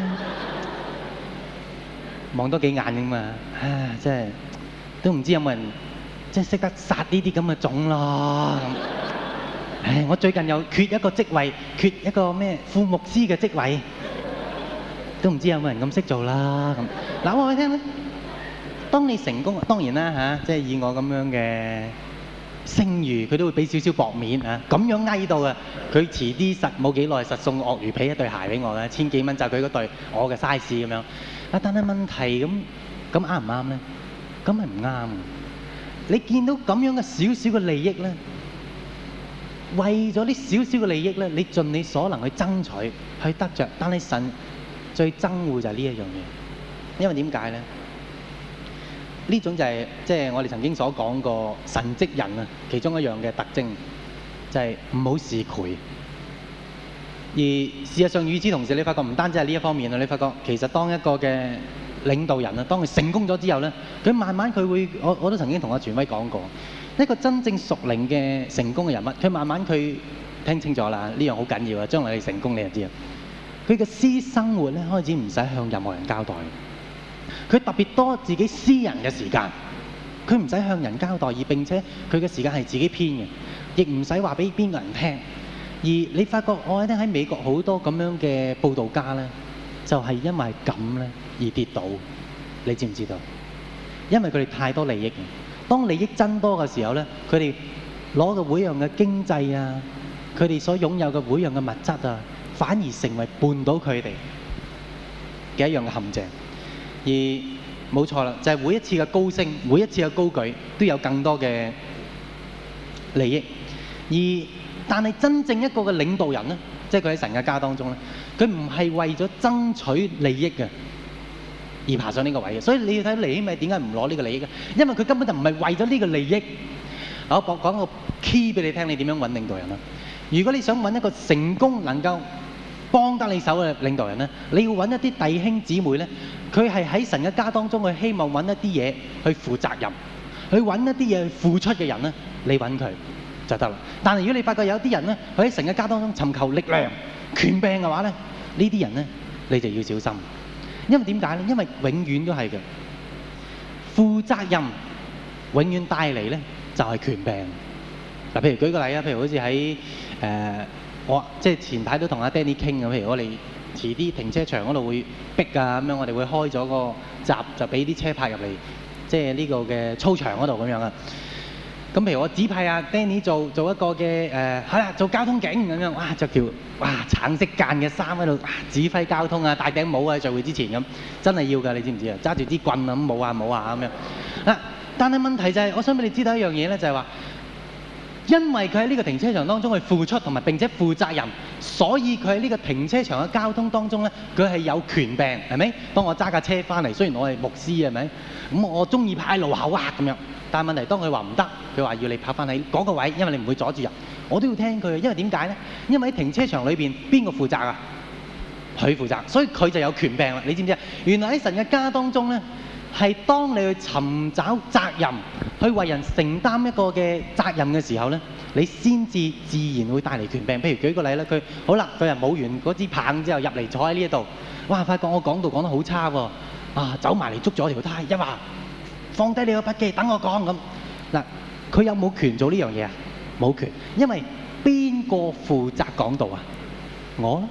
望多幾眼㗎嘛！唉，真係都唔知有冇人。即係識得殺呢啲咁嘅種咯、啊。唉，我最近又缺一個職位，缺一個咩副牧師嘅職位，都唔知有冇人咁識做啦、啊。咁嗱，我話你聽咧，當你成功，當然啦嚇、啊，即係以我咁樣嘅聲譽，佢都會俾少少薄面嚇。咁樣翳到啊，佢遲啲實冇幾耐，實送鱷魚皮一對鞋俾我啦，千幾蚊就佢嗰對，我嘅 size 咁樣。啊，但係問題咁咁啱唔啱咧？咁係唔啱嘅。你見到這樣嘅少少嘅利益呢，為咗這少少嘅利益呢，你盡你所能去爭取，去得著，但係神最憎惡就係呢一樣嘢，因為點解麼呢？這種就係即係我哋曾經所講過神跡人啊，其中一樣嘅特徵就係唔好恃佢。而事實上與之同時，你發覺唔單止係呢一方面，你發覺其實當一個嘅領導人啊，當佢成功咗之後咧，佢慢慢佢會，我我都曾經同阿全威講過，一個真正熟齡嘅成功嘅人物，佢慢慢佢聽清楚啦，呢樣好緊要啊！將來你成功你就知啊。佢嘅私生活咧開始唔使向任何人交代，佢特別多自己私人嘅時間，佢唔使向人交代，而並且佢嘅時間係自己編嘅，亦唔使話俾邊個人聽。而你發覺，我喺聽喺美國好多咁樣嘅報道家咧，就係因為咁咧，而跌倒，你知唔知道？因為佢哋太多利益。當利益增多嘅時候呢，佢哋攞嘅每樣嘅經濟啊，佢哋所擁有嘅每樣嘅物質啊，反而成為絆倒佢哋嘅一樣嘅陷阱。而冇錯啦，就係、是、每一次嘅高升，每一次嘅高舉都有更多嘅利益。而但係真正一個嘅領導人呢，即係佢喺神嘅家當中呢，佢唔係為咗爭取利益嘅。而爬上呢個位嘅，所以你要睇利益咪點解唔攞呢個利益嘅？因為佢根本就唔係為咗呢個利益。我講講個 key 俾你聽，你點樣揾領導人啊？如果你想揾一個成功能夠幫得你手嘅領導人呢，你要揾一啲弟兄姊妹呢，佢係喺神嘅家當中，佢希望揾一啲嘢去負責任，去揾一啲嘢去付出嘅人呢，你揾佢就得啦。但係如果你發覺有啲人呢，佢喺神嘅家當中尋求力量、權柄嘅話呢，呢啲人呢，你就要小心。.因為點解咧？因為永遠都係嘅，負責任永遠帶嚟咧就係權柄。嗱，譬如舉個例啊，譬如好似喺誒我即係前排都同阿 Danny 傾咁，譬如我哋遲啲停車場嗰度會逼啊咁樣，樣，我哋會開咗個閘就俾啲車泊入嚟，即係呢個嘅操場嗰度咁樣啊。咁譬如我指派阿 Danny 做做一個嘅誒，係、呃、啦，做交通警咁樣，哇著條哇橙色間嘅衫喺度，指揮交通啊，戴頂帽啊，喺聚會之前咁，真係要㗎，你知唔知啊？揸住支棍啊，咁冇啊冇啊咁樣。啊、但係問題就係，我想俾你知道一樣嘢咧，就係話，因為佢喺呢個停車場當中去付出同埋並且負責任。所以佢喺呢個停車場嘅交通當中呢，佢係有權柄，係咪？當我揸架車翻嚟，雖然我係牧師，係咪？咁我中意拍喺路口客、啊、咁樣，但係問題是當佢話唔得，佢話要你拍翻喺嗰個位，因為你唔會阻住人，我都要聽佢，因為點解呢？因為喺停車場裏邊邊個負責啊？佢負責，所以佢就有權柄啦。你知唔知啊？原來喺神嘅家當中呢。係當你去尋找責任，去為人承擔一個嘅責任嘅時候咧，你先至自然會帶嚟權柄。譬如舉一個例啦，佢好啦，個人舞完嗰支棒之後入嚟坐喺呢一度，哇！發覺我講道講得好差喎，啊，走埋嚟捉咗條呔一話，放低你個筆記，等我講。咁嗱，佢有冇權做呢樣嘢啊？冇權，因為邊個負責講道啊？我。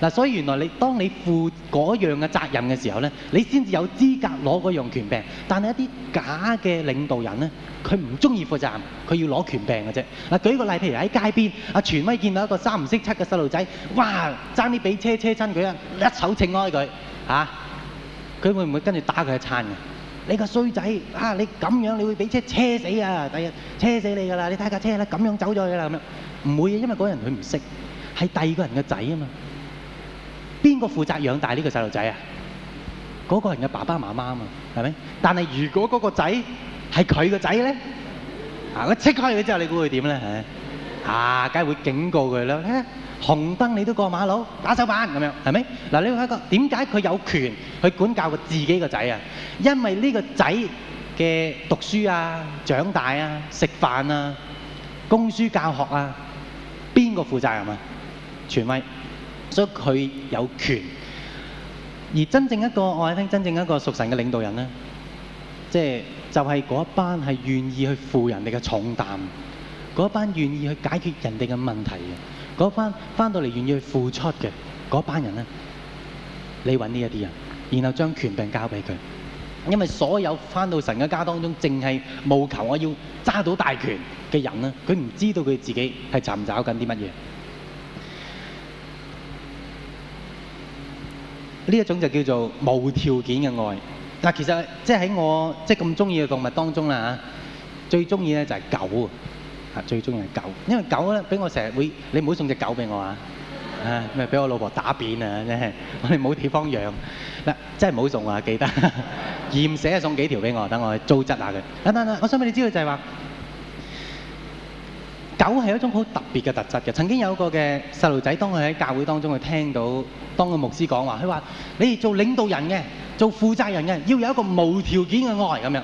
嗱，所以原來你當你負嗰樣嘅責任嘅時候咧，你先至有資格攞嗰樣權柄。但係一啲假嘅領導人咧，佢唔中意負責，佢要攞權柄嘅啫。嗱，舉個例，譬如喺街邊，阿、啊、全威見到一個三唔識七嘅細路仔，哇，爭啲俾車車親佢，一手掅開佢，嚇、啊，佢會唔會跟住打佢一餐嘅？你個衰仔，啊，你咁樣你會俾車車死啊！第日車死你㗎啦，你睇架車啦，咁樣走咗㗎啦咁樣，唔會，因為嗰人佢唔識，係第二個人嘅仔啊嘛。邊個負責養大呢個細路仔啊？嗰、嗰個人嘅爸爸媽媽啊，係咪？但係如果嗰個仔係佢個仔咧，啊，我斥開佢之後，你估會點咧？吓，啊，梗係會警告佢啦、欸。紅燈你都過馬路，打手板咁樣，係咪？嗱，你會發覺點解佢有權去管教佢自己個仔啊？因為呢個仔嘅讀書啊、長大啊、食飯啊、供書教學啊，邊個負責任啊？權威。所以佢有權，而真正一個我聽真正一個屬神嘅領導人呢，即係就係嗰一班係願意去負人哋嘅重擔，嗰一班願意去解決人哋嘅問題嘅，嗰一班翻到嚟願意去付出嘅嗰一班人咧，你揾呢一啲人，然後將權柄交俾佢，因為所有翻到神嘅家當中，淨係務求我要揸到大權嘅人咧，佢唔知道佢自己係尋找緊啲乜嘢。呢一種就叫做無條件嘅愛。嗱，其實即係喺我即係咁中意嘅動物當中啦嚇，最中意咧就係狗啊！啊，最中意係狗，因為狗咧俾我成日會，你唔好送隻狗俾我啊！啊，咪俾我老婆打扁啊！真係我哋冇地方養嗱，真係唔好送啊！記得嫌死啊，送幾條俾我，等我去糟質下佢。等等，我想俾你知道就係話。狗係一種好特別嘅特質嘅。曾經有個嘅細路仔，當佢喺教會當中佢聽到，當個牧師講話，佢話：你哋做領導人嘅，做負責人嘅，要有一個無條件嘅愛咁樣。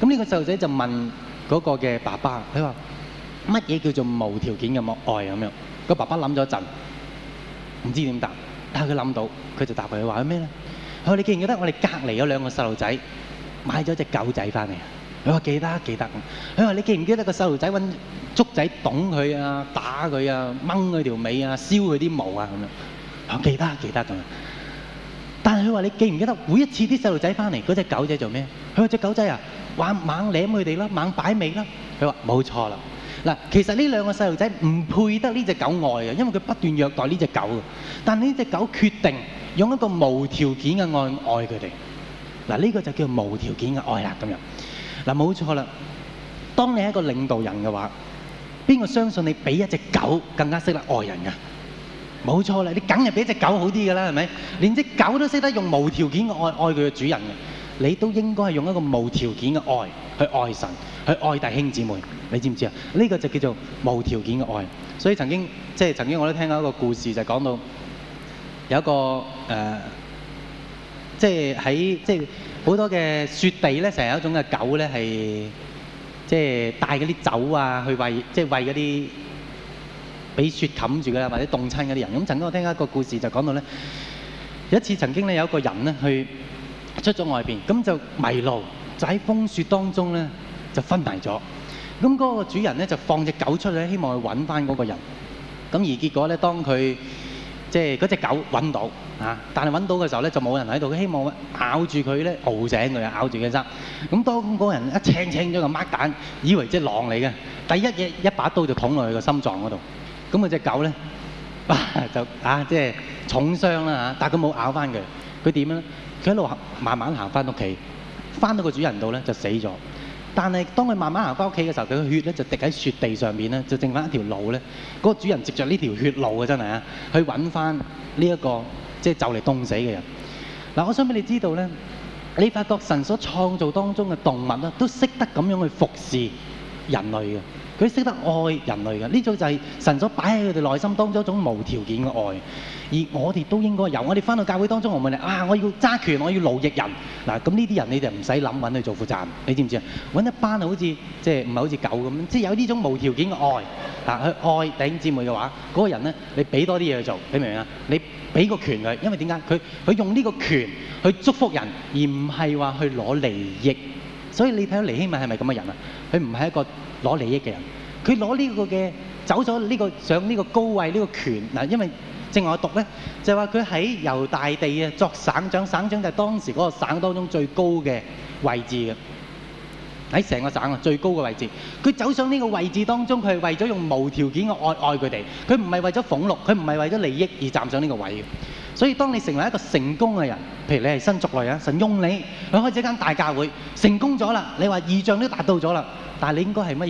咁呢個細路仔就問嗰個嘅爸爸，佢話：乜嘢叫做無條件嘅愛咁樣？個爸爸諗咗一陣，唔知點答，但係佢諗到，佢就答佢話：咩咧？佢話：你記唔記得我哋隔籬有兩個細路仔買咗隻狗仔翻嚟啊？佢話記得記得咁。佢話你記唔記得個細路仔揾竹仔捅佢啊、打佢啊、掹佢條尾啊、燒佢啲毛啊咁樣。我記得記得咁。但係佢話你記唔記得每一次啲細路仔翻嚟，嗰隻狗仔做咩？佢話隻狗仔啊，話猛舐佢哋啦、猛擺尾啦。佢話冇錯啦。嗱，其實呢兩個細路仔唔配得呢隻狗愛啊，因為佢不斷虐待呢隻狗啊。但係呢隻狗決定用一個無條件嘅愛愛佢哋。嗱，呢個就叫無條件嘅愛啦咁樣。嗱，冇錯啦，當你係一個領導人嘅話，邊個相信你比一隻狗更加識得愛人㗎？冇錯啦，你梗係比一隻狗好啲㗎啦，係咪？連隻狗都識得用無條件嘅愛愛佢嘅主人嘅，你都應該係用一個無條件嘅愛去愛神，去愛弟兄姊妹，你知唔知啊？呢個就叫做無條件嘅愛。所以曾經即係曾經我都聽到一個故事，就講到有一個誒，即係喺即係。好多嘅雪地咧，成日有一種嘅狗咧，係即係帶嗰啲酒啊，去餵，即係餵嗰啲俾雪冚住㗎啦，或者凍親嗰啲人。咁曾經我聽過一個故事，就講到咧，有一次曾經咧有一個人咧去出咗外邊，咁就迷路，就喺風雪當中咧就昏迷咗。咁嗰個主人咧就放隻狗出去，希望去揾翻嗰個人。咁而結果咧，當佢即係嗰隻狗揾到。嚇！但係揾到嘅時候咧，就冇人喺度。佢希望咬住佢咧，熬醒佢啊，咬住佢嘅身。咁當嗰個人一掅掅咗咁掹蛋，以為即係狼嚟嘅。第一嘢一把刀就捅落佢個心臟嗰度。咁啊，隻狗咧，就啊，即係重傷啦嚇。但係佢冇咬翻佢，佢點樣咧？佢一路慢慢行翻屋企，翻到個主人度咧就死咗。但係當佢慢慢行翻屋企嘅時候，佢嘅血咧就滴喺雪地上面咧，就剩翻一條路咧。嗰個主人藉著呢條血路嘅真係啊，去揾翻呢一個。即係就嚟凍死嘅人。嗱，我想俾你知道呢，你發覺神所創造當中嘅動物都識得咁樣去服侍人類嘅。佢識得愛人類嘅，呢種就係神所擺喺佢哋內心當中一種無條件嘅愛，而我哋都應該有。我哋返到教會當中，我問你啊，我要揸權，我要奴役人嗱，咁呢啲人你們就唔使諗揾佢做負責，你知唔知道，搵一班好似，即係唔係好似狗咁，即係有呢種無條件嘅愛，嗱去愛弟兄姊妹嘅話，嗰個人呢你俾多啲嘢做，你明唔明？你俾個權佢，因為點解？佢佢用呢個權去祝福人，而唔係話去攞利益。所以你睇到尼希米係咪咁嘅人啊？佢唔係一個攞利益嘅人，佢攞呢個嘅走咗呢個上呢個高位呢、這個權嗱，因為正話讀呢，就話佢喺猶大地啊作省長，省長就係當時嗰個省當中最高嘅位置嘅，喺成個省啊最高嘅位置。佢走上呢個位置當中，佢係為咗用無條件嘅愛愛佢哋，佢唔係為咗俸祿，佢唔係為咗利益而站上呢個位嘅。所以當你成為一個成功的人，平時生出來神用你，然後大家會成功了，你會意象都達到了，但你個係咪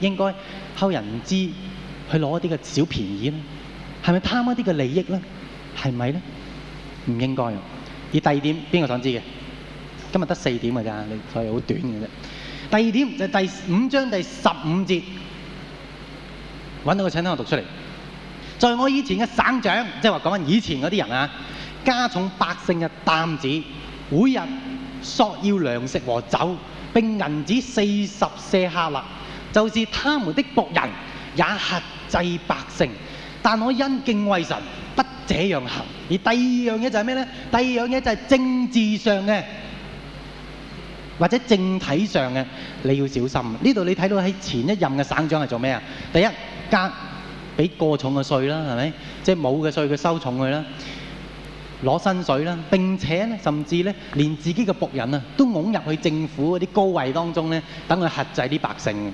應該後人知去攞啲小便宜，係咪他個利益呢？係咪呢應該以低點邊個想自己在我以前嘅省長，即係話講緊以前嗰啲人啊，加重百姓嘅擔子，每日索要糧食和酒，並銀子四十舍客勒，就是他們的僕人也克制百姓。但我因敬畏神，不這樣行。而第二樣嘢就係咩呢？第二樣嘢就係政治上嘅，或者政體上嘅，你要小心。呢度你睇到喺前一任嘅省長係做咩啊？第一畀過重嘅稅啦，係咪？即係冇嘅稅，佢收重佢啦，攞薪水啦，並且咧，甚至咧，連自己嘅僕人啊，都㧬入去政府嗰啲高位當中咧，等佢克制啲百姓。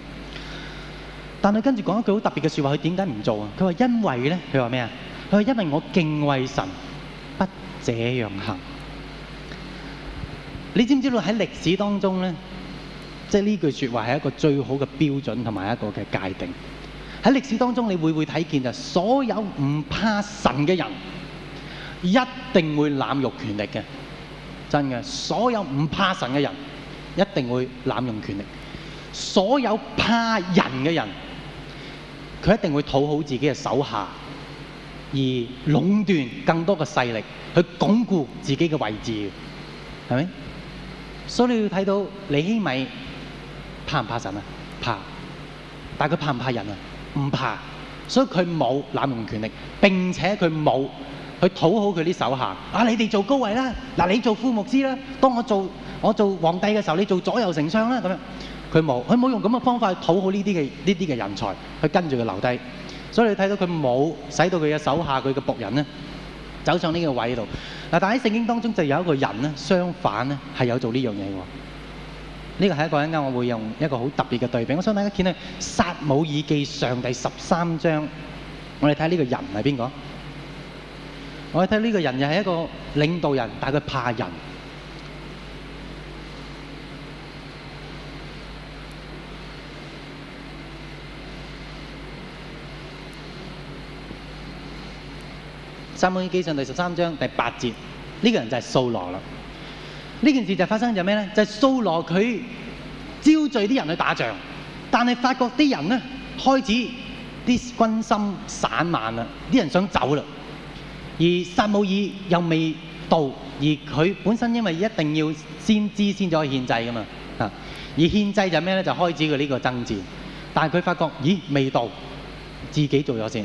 但係跟住講一句好特別嘅說話，佢點解唔做啊？佢話因為咧，佢話咩啊？佢話因為我敬畏神，不這樣行。你知唔知道喺歷史當中咧，即係呢句說話係一個最好嘅標準同埋一個嘅界定。喺歷史當中，你會唔會睇見啊？所有唔怕神嘅人，一定會濫用權力嘅，真嘅。所有唔怕神嘅人，一定會濫用權力。所有怕人嘅人，佢一定會討好自己嘅手下，而壟斷更多嘅勢力，去鞏固自己嘅位置，係咪？所以你要睇到尼希米怕唔怕神啊？怕，但係佢怕唔怕人啊？唔怕，所以佢冇濫用權力，並且佢冇去討好佢啲手下。啊，你哋做高位啦，嗱，你做副牧師啦。當我做我做皇帝嘅時候，你做左右丞相啦。咁樣佢冇，佢冇用咁嘅方法去討好呢啲嘅呢啲嘅人才去跟住佢留低。所以你睇到佢冇使到佢嘅手下，佢嘅僕人咧走上呢個位度。嗱，但喺聖經當中就有一個人咧，相反咧係有做呢樣嘢喎。呢個係一個咧，我會用一個好特別嘅對比。我想大家見咧《撒母耳記上》第十三章，我哋睇呢個人係邊個？我哋睇呢個人又係一個領導人，但係佢怕人。《撒母耳記上》第十三章第八節，呢個人就係掃羅啦。呢件事就發生咗咩呢？就係掃羅佢招聚啲人去打仗，但係發覺啲人呢，開始啲軍心散漫啦，啲人想走啦。而撒母耳又未到，而佢本身因為一定要先知先至可以獻祭噶嘛啊，而獻祭就咩呢？就開始佢呢個爭戰。但係佢發覺，咦？未到，自己做咗先。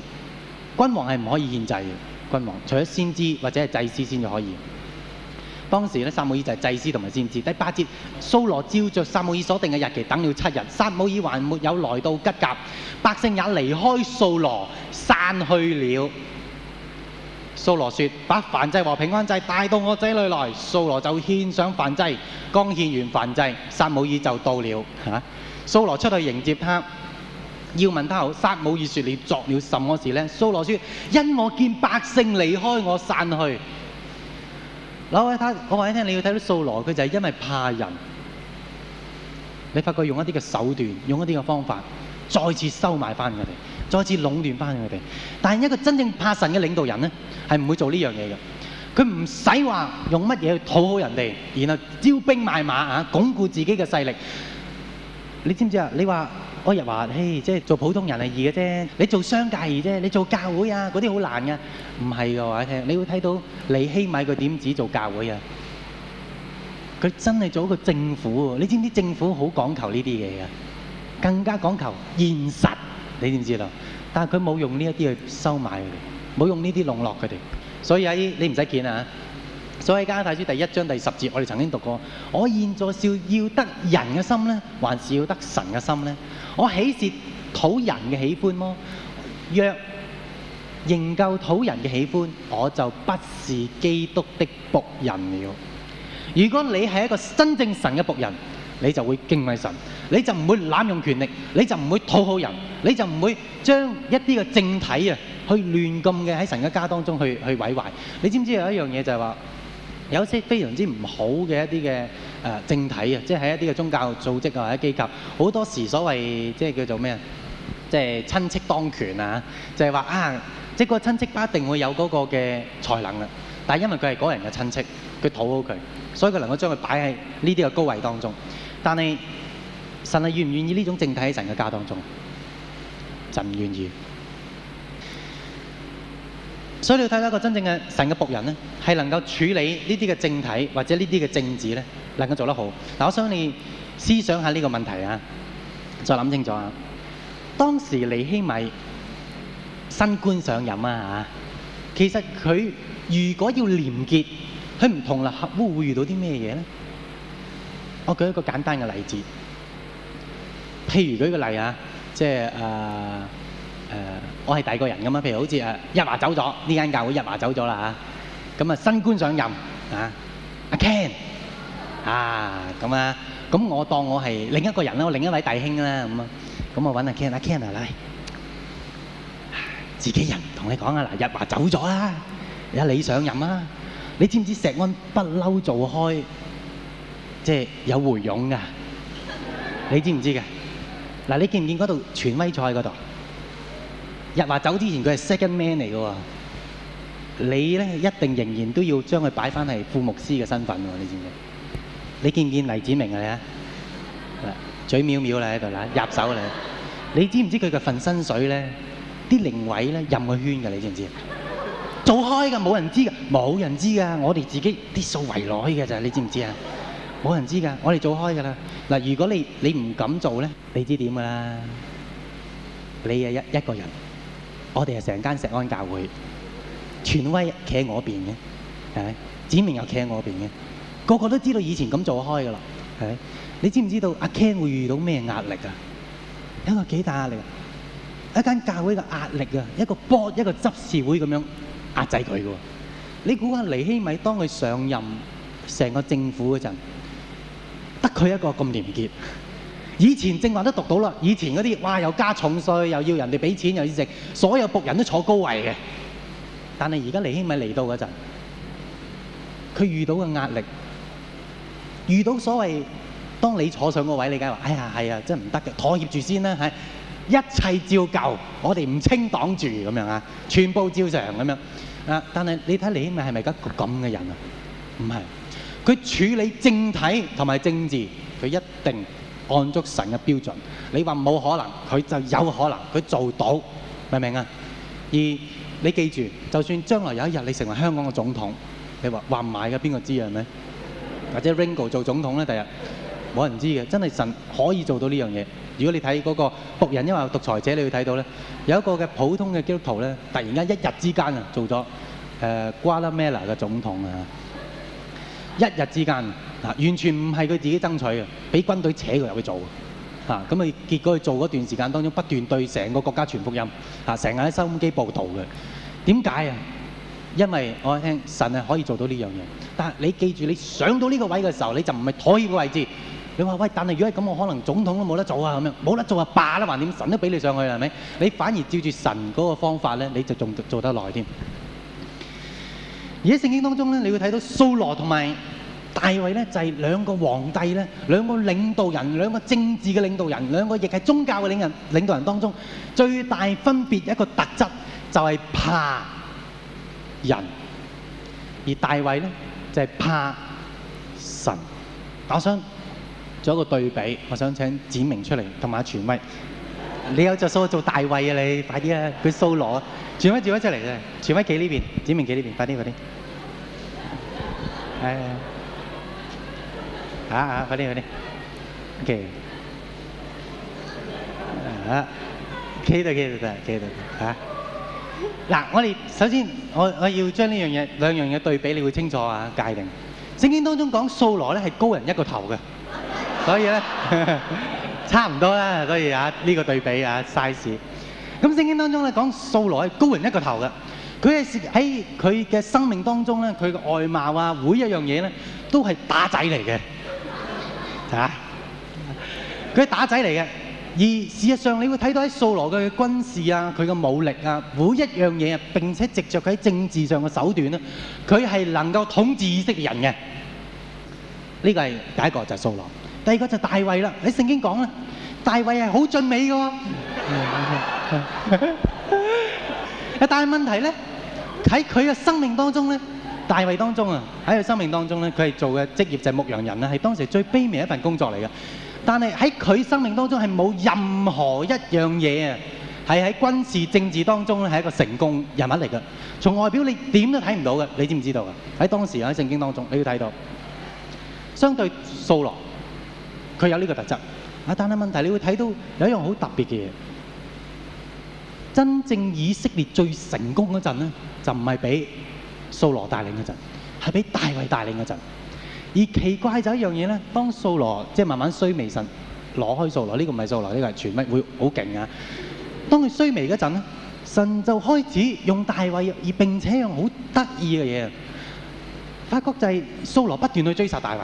君王係唔可以獻祭嘅，君王除咗先知或者係祭司先就可以。當時咧，撒母耳就係祭司同埋先知。第八節，掃羅照着撒母耳所定嘅日期等了七日，撒母耳還沒有來到吉甲，百姓也離開掃羅，散去了。掃羅說：把燔祭和平安祭帶到我這裏來。掃羅就獻上燔祭，剛獻完燔祭，撒母耳就到了。嚇、啊！掃羅出去迎接他，要問他好。撒母耳說：你作了甚麼事呢？掃羅說：因我見百姓離開我散去。嗱，我睇，我話你聽，你要睇到素羅，佢就係因為怕人。你發覺用一啲嘅手段，用一啲嘅方法，再次收埋翻佢哋，再次壟斷翻佢哋。但係一個真正怕神嘅領導人呢，係唔會做呢樣嘢嘅。佢唔使話用乜嘢去討好人哋，然後招兵買馬啊，鞏固自己嘅勢力。你知唔知呀？你話？我又話，嘿，即係做普通人係易嘅啫，你做商界易啫，你做教會啊，嗰啲好難嘅。唔係嘅話，聽，你會睇到尼希米佢點止做教會啊？佢真係做一個政府喎。你知唔知政府好講求呢啲嘢啊？更加講求現實，你知唔知道？但係佢冇用呢一啲去收買佢哋，冇用呢啲籠絡佢哋。所以喺你唔使見啊。所以加拉太書第一章第十節，我哋曾經讀過。我現在是要得人嘅心咧，還是要得神嘅心咧？我豈是討人嘅喜歡嗎？若仍舊討人嘅喜歡，我就不是基督的僕人了。如果你係一個真正神嘅僕人，你就會敬畏神，你就唔會濫用權力，你就唔會討好人，你就唔會將一啲嘅正體啊去亂咁嘅喺神嘅家當中去去毀壞。你知唔知道有一樣嘢就係話，有些非常之唔好嘅一啲嘅。誒政體啊，即係喺一啲嘅宗教組織啊或者機構，好多時所謂即係叫做咩、就是、啊？即係親戚當權啊，就係話啊，即個親戚不一定會有嗰個嘅才能啦，但係因為佢係嗰人嘅親戚，佢討好佢，所以佢能夠將佢擺喺呢啲嘅高位當中。但係神係願唔願意呢種政體喺神嘅家當中？就唔願意。所以你睇到一個真正嘅神嘅僕人咧，係能夠處理呢啲嘅政體或者呢啲嘅政治咧。能夠做得好，嗱，我想你思想下呢個問題啊，再諗清楚啊。當時尼希米新官上任啊，其實佢如果要廉潔，佢唔同流合污會遇到啲咩嘢咧？我舉一個簡單嘅例子，譬如舉個例啊，即係誒誒，我係第二個人噶嘛，譬如好似誒日華走咗，呢間教會日華走咗啦嚇，咁啊新官上任啊，阿 Ken。啊，咁啊，咁我當我係另一個人啦，我另一位弟兄啦，咁啊，咁我揾阿 Ken，阿 Ken 嚟，自己人同你講啊，嗱，日華走咗啦，而家你上任啦，你知唔知石安不嬲做開，即係有回勇噶，你知唔知嘅？嗱，你見唔見嗰度全威菜嗰度？日華走之前佢係 second man 嚟嘅喎，你咧一定仍然都要將佢擺翻係副牧師嘅身份喎，你知唔知？你見見見黎子明啊？你啊，嘴藐藐啦喺度啦，入手啦！你知唔知佢嘅份薪水咧？啲靈位咧，任佢圈㗎！你知唔知？做開㗎，冇人知㗎！冇人知㗎！我哋自己啲數圍內㗎咋你知唔知啊？冇人知㗎！我哋做開㗎啦。嗱，如果你你唔敢做咧，你知點㗎啦？你係一一個人，我哋係成間石安教會，權威企喺我邊嘅，係咪？子明又企喺我邊嘅。個個都知道以前咁做開嘅啦，係咪？你知唔知道阿 Ken 會遇到咩壓力啊？一個幾大壓力啊！一間教會嘅壓力啊，一個 board 一個執事會咁樣壓制佢嘅喎。你估下，黎希米當佢上任成個政府嗰陣，得佢一個咁廉潔？以前正話都讀到啦，以前嗰啲哇又加重稅，又要人哋俾錢，又要食，所有僕人都坐高位嘅。但係而家黎希米嚟到嗰陣，佢遇到嘅壓力。遇到所謂，當你坐上嗰位置，你梗係話，哎呀，係啊，真係唔得嘅，妥協住先啦，係一切照舊，我哋唔清黨住咁樣啊，全部照常咁樣。啊，但係你睇尼希米係咪一個咁嘅人啊？唔係，佢處理政體同埋政治，佢一定按足神嘅標準。你話冇可能，佢就有可能，佢做到，明唔明啊？而你記住，就算將來有一日你成為香港嘅總統，你話話唔埋嘅邊個知啊？咩？或者 Ringo 做總統咧，第日冇人知嘅，真係神可以做到呢樣嘢。如果你睇嗰個僕人，因為有獨裁者，你會睇到咧，有一個嘅普通嘅基督徒咧，突然間一日之間啊，做、呃、咗誒 Guatemala 嘅總統啊，一日之間啊，完全唔係佢自己爭取嘅，俾軍隊扯佢入去做啊，咁佢結果佢做嗰段時間當中，不斷對成個國家傳福音啊，成日喺收音機佈道嘅，點解啊？因為我聽神係可以做到呢樣嘢，但係你記住，你上到呢個位嘅時候，你就唔係妥協嘅位置。你話喂，但係如果係咁，我可能總統都冇得做啊，咁樣冇得做啊，罷啦還點？神都俾你上去啦，係咪？你反而照住神嗰個方法咧，你就仲做得耐添。而喺聖經當中咧，你會睇到掃羅同埋大衛咧，就係兩個皇帝咧，兩個領導人，兩個政治嘅領導人，兩個亦係宗教嘅領導人領導人當中最大分別一個特質就係怕。人，而大衛呢，就係怕神。我想做一個對比，我想請子明出嚟，同埋阿全威，你有著數做大衛啊，啊！你快啲啊！佢掃羅全威全威出嚟啦！全威企呢邊，子明企呢邊，快啲快啲。係啊，啊、uh, 啊、uh, 快啲快啲。OK，啊，企到企到到企到，啊！嗱，我哋首先，我我要將呢樣嘢，兩樣嘢對比，你會清楚啊界定。聖經當中講素羅咧，係高人一個頭嘅，所以咧差唔多啦。所以啊呢個對比啊，size。咁聖經當中咧講素羅係高人一個頭嘅，佢係喺佢嘅生命當中咧，佢嘅外貌啊，每一樣嘢咧都係打仔嚟嘅，係啊，佢係打仔嚟嘅。而事實上，你會睇到喺掃羅嘅軍事啊，佢嘅武力啊，每一樣嘢啊，並且藉着佢喺政治上嘅手段咧，佢係能夠統治以色列人嘅。呢、呢個係第一個就係掃羅，第二個就係大衛啦。你聖經講咧，大衛係好俊美嘅。啊， [laughs] [laughs] 但係問題咧喺佢嘅生命當中咧，大衛當中啊喺佢生命當中咧，佢係做嘅職業就係牧羊人啊，係當時最卑微的一份工作嚟嘅。但係喺佢生命當中係冇任何一樣嘢啊，係喺軍事政治當中咧係一個成功人物嚟嘅。從外表你點都睇唔到嘅，你知唔知道啊？喺當時喺聖經當中，你要睇到，相對掃羅，佢有呢個特質。啊，但係問題，你會睇到有一樣好特別嘅嘢。真正以色列最成功嗰陣咧，就唔係俾掃羅帶領嗰陣，係俾大衛帶領嗰陣。而奇怪就一樣嘢咧，當掃羅即係、就是、慢慢衰微神攞開掃羅，呢、這個唔係掃羅，呢、這個係全聞，會好勁啊！當佢衰微嗰陣咧，神就開始用大衛，而並且用好得意嘅嘢，發覺就係掃羅不斷去追殺大衛。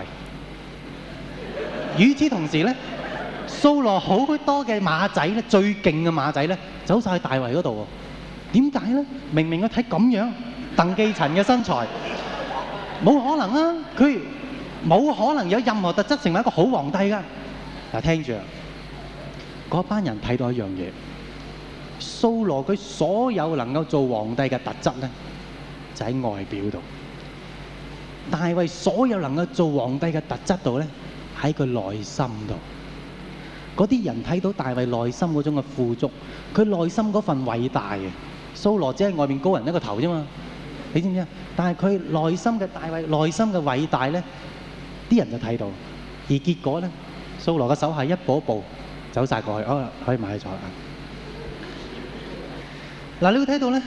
與此同時咧，掃羅好多嘅馬仔咧，最勁嘅馬仔咧，走晒去大衛嗰度喎。點解咧？明明佢睇咁樣，鄧寄塵嘅身材冇可能啊！佢。冇可能有任何特質成為一個好皇帝㗎。嗱，聽住，嗰班人睇到一樣嘢，蘇羅佢所有能夠做皇帝嘅特質咧，就喺外表度。大衛所有能夠做皇帝嘅特質度咧，喺佢內心度。嗰啲人睇到大衛內心嗰種嘅富足，佢內心嗰份偉大嘅蘇羅只係外面高人一個頭啫嘛。你知唔知啊？但係佢內心嘅大衛內心嘅偉大咧。啲人就睇到，而結果咧，蘇羅嘅手下一步一步走曬過去，啊，可以買咗啊！嗱，你會睇到咧，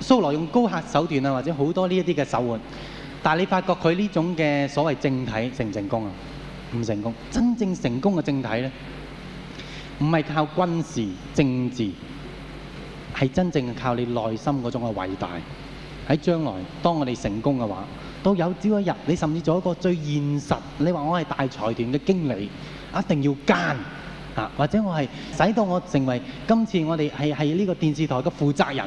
蘇羅用高嚇手段啊，或者好多呢一啲嘅手腕，但係你發覺佢呢種嘅所謂政體成唔成功啊？唔成功！真正成功嘅政體咧，唔係靠軍事、政治，係真正靠你內心嗰種嘅偉大。喺將來，當我哋成功嘅話，到有朝一日，你甚至做一個最現實。你話我係大財團嘅經理，一定要奸啊！或者我係使到我成為今次我哋係係呢個電視台嘅負責人，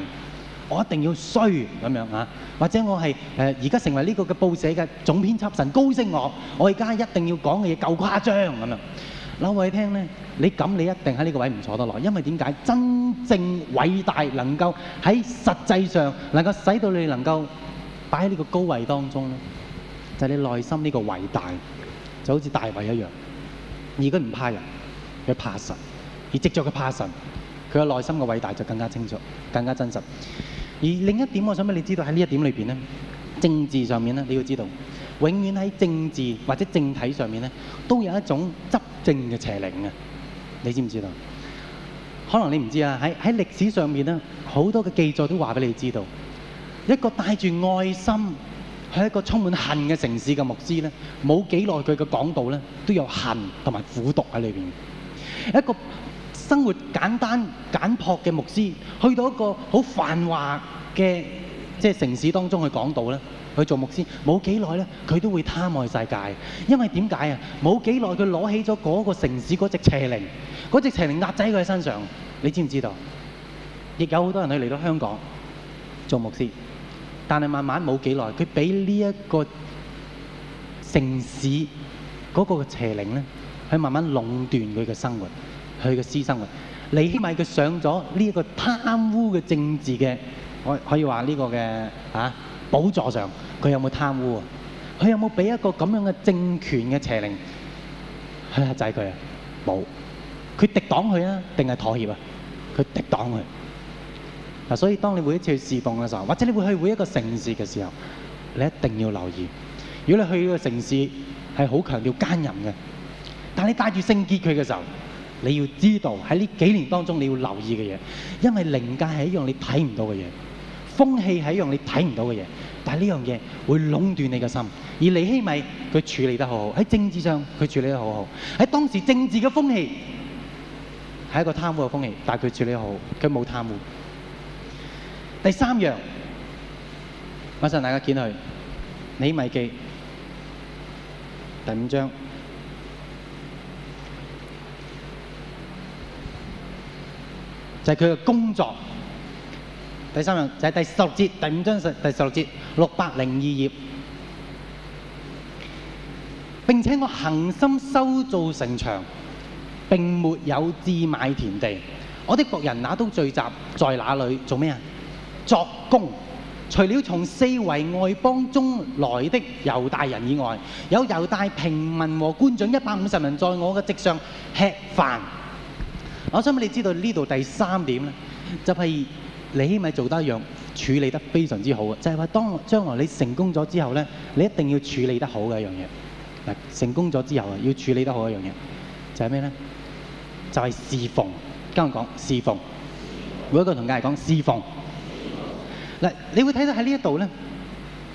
我一定要衰咁樣啊！或者我係誒而家成為呢個嘅報社嘅總編輯神高升我，我而家一定要講嘅嘢夠誇張咁樣。嗱，我話你聽咧，你咁你一定喺呢個位唔坐得落，因為點解真正偉大能夠喺實際上能夠使到你能夠。擺喺呢個高位當中咧，就係、是、你內心呢個偉大，就好似大衛一樣。而佢唔怕人，佢怕神。而藉著，佢怕神，佢嘅內心嘅偉大就更加清楚、更加真實。而另一點，我想俾你知道喺呢一點裏面，咧，政治上面咧，你要知道，永遠喺政治或者政體上面咧，都有一種執政嘅邪靈啊！你知唔知道？可能你唔知啊！喺喺歷史上面咧，好多嘅記載都話俾你知道。一個帶住愛心，去一個充滿恨嘅城市嘅牧師咧，冇幾耐佢嘅講道咧，都有恨同埋苦毒喺裏邊。一個生活簡單簡樸嘅牧師，去到一個好繁華嘅即係城市當中去講道咧，去做牧師，冇幾耐咧，佢都會貪愛世界。因為點解啊？冇幾耐佢攞起咗嗰個城市嗰隻邪靈，嗰隻邪靈壓喺佢身上。你知唔知道？亦有好多人去嚟到香港做牧師。但係慢慢冇幾耐，佢俾呢一個城市嗰個邪靈呢，去慢慢壟斷佢嘅生活，佢嘅私生活。你係咪佢上咗呢一個貪污嘅政治嘅，我可以話呢個嘅啊寶座上？佢有冇貪污，有有啊？佢有冇俾一個咁樣嘅政權嘅邪靈去壓制佢啊？冇，佢敵擋佢啊？定係妥協啊？佢敵擋佢。嗱，所以當你每一次去侍奉嘅時候，或者你會去每一個城市嘅時候，你一定要留意。如果你去個城市係好強調奸淫嘅，但係你帶住聖潔佢嘅時候，你要知道喺呢幾年當中你要留意嘅嘢，因為靈界係一樣你睇唔到嘅嘢，風氣係一樣你睇唔到嘅嘢，但係呢樣嘢會壟斷你嘅心。而尼希米佢處理得好好，喺政治上佢處理得好好，喺當時政治嘅風氣係一個貪污嘅風氣，但係佢處理得好好，佢冇貪污。第三樣，晚上大家見佢，你咪記第五章，就係佢嘅工作。第三樣就係、是、第十六節第五章第十六節六百零二頁。並且我恒心修造城牆，並沒有置買田地。我的僕人也都聚集在那裏做咩啊？作工，除了從四圍外邦中來的猶大人以外，有猶大平民和官長一百五十人，在我嘅席上吃飯。我想畀你知道呢度第三點呢，就係你係咪做得一樣處理得非常之好的，就係話當將來你成功咗之後呢，你一定要處理得好的一樣嘢。成功咗之後要處理得好的一樣嘢就係咩呢？就係侍奉。跟我講侍奉，每一個同家嚟講侍奉。嗱，你會睇到喺呢一度咧，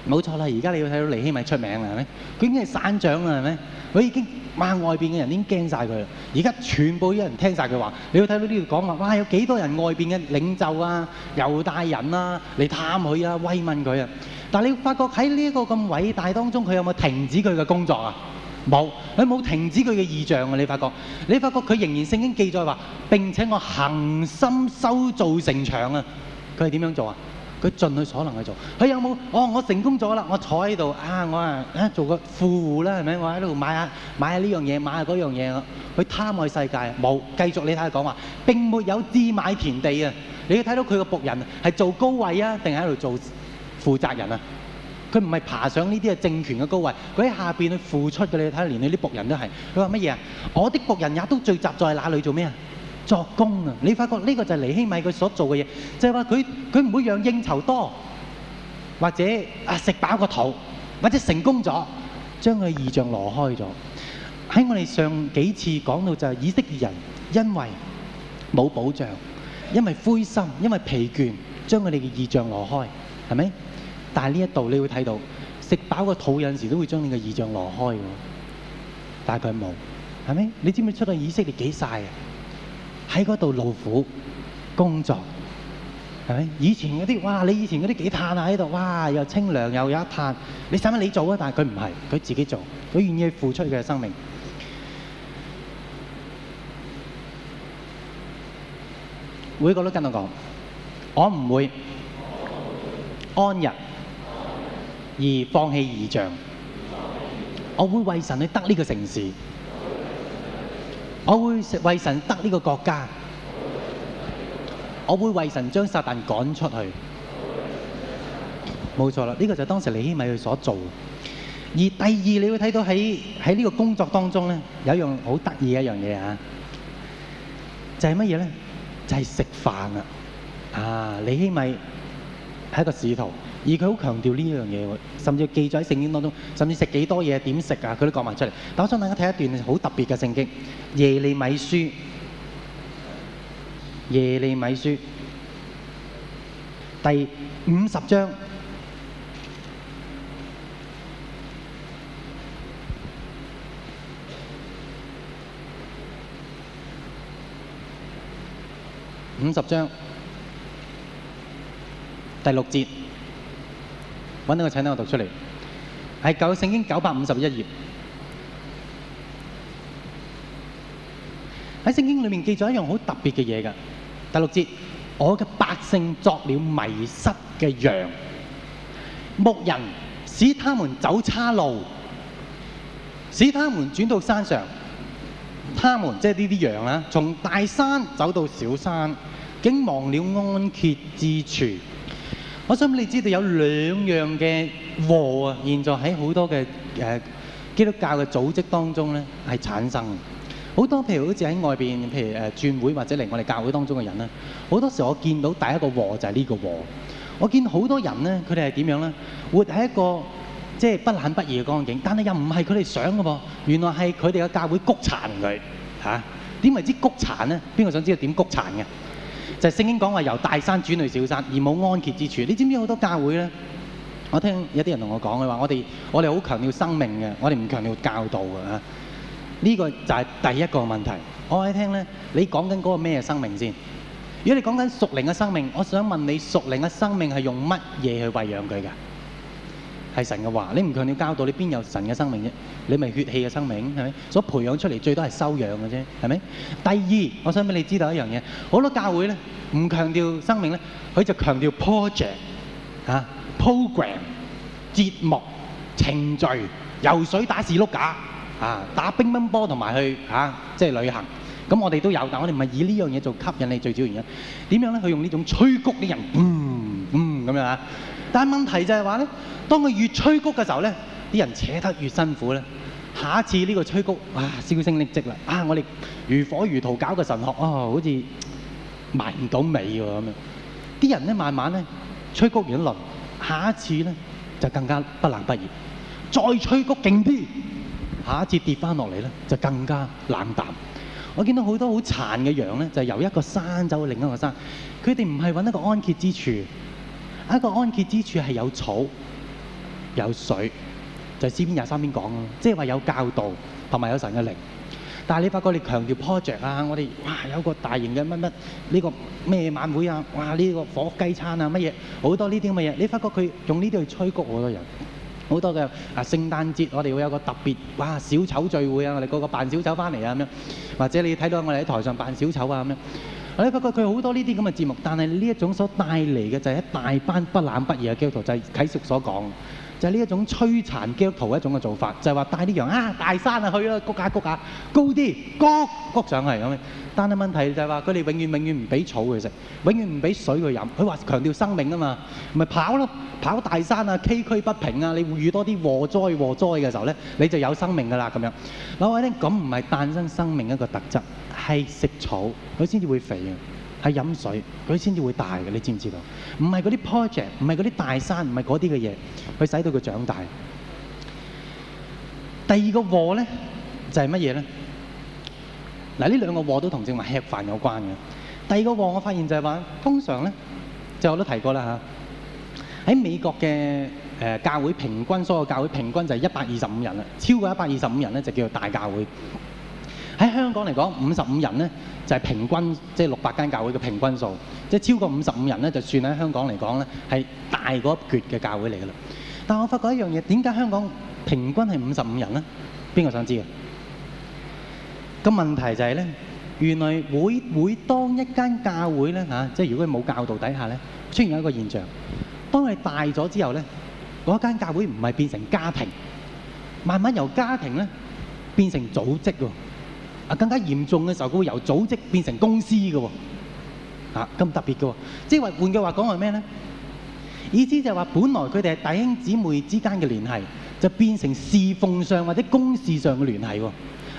冇錯啦。而家你會睇到尼希米出名啦，係咪？佢已經係省長啦，係咪？佢已經哇外邊嘅人已經驚晒佢啦。而家全部有人聽晒佢話，你會睇到呢度講話哇，有幾多人外邊嘅領袖啊、猶大人啊嚟探佢啊、慰問佢啊。但係你會發覺喺呢一個咁偉大當中，佢有冇停止佢嘅工作啊？冇，佢冇停止佢嘅意象啊！你發覺，你發覺佢仍然聖經記載話並且我恒心修造城牆啊。佢係點樣做啊？佢盡佢所能去做，佢有冇？哦，我成功咗啦！我坐喺度啊，我啊，做個富戶啦，係咪？我喺度買下買下呢樣嘢，買下嗰樣嘢。佢貪愛世界，冇繼續。你睇佢講話，並沒有置買田地啊！你要睇到佢個僕人係做高位啊，定係喺度做負責人啊？佢唔係爬上呢啲係政權嘅高位，佢喺下邊去付出嘅。你睇下，連你啲僕人都係。佢話乜嘢啊？我啲僕人也都聚集在那裡做咩啊？作工啊！你發覺呢個就係尼希米佢所做嘅嘢，就係話佢佢唔會讓應酬多，或者啊食飽個肚，或者成功咗將佢異象挪開咗。喺我哋上幾次講到就係以色列人，因為冇保障，因為灰心，因為疲倦，將佢哋嘅異象挪開，係咪？但係呢一度你會睇到食飽個肚有陣時都會將你嘅異象挪開嘅，但係佢冇，係咪？你知唔知出到以色列幾曬啊？喺嗰度勞苦工作，係咪？以前嗰啲哇，你以前嗰啲幾攤啊喺度，哇又清涼又有一攤。你使唔使你做啊？但係佢唔係，佢自己做，佢願意付出佢嘅生命。每個都跟我講，我唔會安逸而放棄異象，我會為神去得呢個城市。我會為神得呢個國家，我會為神將撒旦趕出去。冇錯啦，呢、這個就是當時尼希米佢所做的。而第二，你會睇到喺喺呢個工作當中有一樣好得意嘅一樣嘢啊，就係乜嘢呢？就係、是、食飯啊！啊，尼希米係一個使徒。而佢好強調呢一樣嘢喎，甚至記載喺聖經當中，甚至食幾多嘢、點食啊，佢都講埋出嚟。但我想大家睇一段好特別嘅聖經，《耶利米書》，《耶利米書》第五十章，五十章第六節。揾到個請單，我讀出嚟。喺舊聖經九百五十一頁。喺聖經裏面記載一樣好特別嘅嘢㗎。第六節，我嘅百姓作了迷失嘅羊，牧人使他們走岔路，使他們轉到山上。他們即係呢啲羊啦，從大山走到小山，竟忘了安歇之處。我想你知道有兩樣嘅禍啊，現在喺好多嘅誒基督教嘅組織當中咧，係產生好多。譬如好似喺外邊，譬如誒轉會或者嚟我哋教會當中嘅人咧，好多時我見到第一個禍就係呢個禍。我見好多人咧，佢哋係點樣咧？活喺一個即係不冷不熱嘅光景，但係又唔係佢哋想嘅噃。原來係佢哋嘅教會谷殘佢嚇。點為之谷殘咧？邊個想知道點谷殘嘅？就是，聖經講話，由大山轉到小山，而冇安歇之處。你知唔知好多教會呢？我聽有啲人同我講嘅話，我哋好強調生命嘅，我哋唔強調教導嘅啊。呢個就係第一個問題。我喺聽咧，你講緊嗰個咩生命先？如果你講緊屬靈嘅生命，我想問你，屬靈嘅生命係用乜嘢去餵養佢嘅？係神嘅話，你唔強調教導，你邊有神嘅生命啫？你咪血氣嘅生命係咪？所以培養出嚟最多係修養嘅啫，係咪？第二，我想俾你知道一樣嘢，好多教會咧唔強調生命咧，佢就強調 project 嚇、啊、program 節目程序游水打士碌架啊，打乒乓波同埋去啊即係旅行，咁我哋都有，但我哋唔係以呢樣嘢做吸引你最主要原因。點樣咧？佢用呢種催谷啲人，嗯嗯咁樣啊。但係問題就係話咧。當佢越催谷嘅時候咧，啲人扯得越辛苦咧。下一次呢個催谷，哇！銷聲匿跡啦！啊，我哋如火如荼搞嘅神學，哦，好似埋唔到尾喎咁樣。啲人咧，慢慢咧催谷完一輪，下一次咧就更加不冷不熱。再催谷勁啲，下一次跌翻落嚟咧就更加冷淡。我見到好多好殘嘅羊咧，就由一個山走去另一個山，佢哋唔係揾一個安歇之處，係一個安歇之處係有草。有水就係，是《詩篇》廿三篇講啊，即係話有教導同埋有神嘅靈。但係你發覺，你強調 project 啊，我哋哇有個大型嘅乜乜呢個咩晚會啊，哇呢，這個火雞餐啊乜嘢好多呢啲咁嘅嘢。你發覺佢用呢啲去催谷我哋人好多嘅啊聖誕節，我哋會有個特別哇小丑聚會啊，我哋個個扮小丑返嚟啊咁樣，或者你睇到我哋喺台上扮小丑啊咁樣。我哋發覺佢好多呢啲咁嘅節目，但係呢一種所帶嚟嘅就係一大班不冷不熱嘅基督徒，就係、是，啟叔所講。就係呢種摧殘基督徒的一種嘅做法，就係話帶啲羊啊大山啊去咯，谷架谷架高啲，谷，谷上嚟咁樣。但係問題就係話佢哋永遠永遠唔俾草佢食，永遠唔俾水佢飲。佢話強調生命啊嘛，咪跑咯，跑大山啊崎嶇不平啊，你會遇多啲禍災禍災嘅時候呢，你就有生命噶啦咁樣。嗱我話咧，咁唔係誕生生命一個特質，係食草佢先至會肥嘅。係飲水，佢先至會大嘅，你知唔知道？唔係嗰啲 project，唔係嗰啲大山，唔係嗰啲嘅嘢，去使到佢長大。第二個禍咧就係乜嘢咧？嗱，呢兩個禍都同正話吃飯有關嘅。第二個禍我發現就係話，通常咧，就我都提過啦嚇。喺美國嘅誒教會平均，所有教會平均就係一百二十五人啦，超過一百二十五人咧就叫做大教會。喺香港嚟講，五十五人呢，就係、是、平均，即六百間教會嘅平均數，即、就是、超過五十五人呢，就算喺香港嚟講呢，係大過一厥嘅教會嚟嘅嘞。但我發覺一樣嘢，點解香港平均係五十五人呢？邊個想知道？問問題就係呢，原來會會當一間教會呢，即、啊就是、如果冇教導底下呢，出現一個現象，當你大咗之後呢，嗰間教會唔係變成家庭，慢慢由家庭呢變成組織喎。啊，更加嚴重嘅時候，佢會由組織變成公司㗎喎、哦，啊咁特別㗎喎、哦，即係換句話講係咩咧？意思就係話，本來佢哋係弟兄姊妹之間嘅聯繫，就變成侍奉上或者公事上嘅聯繫喎、哦。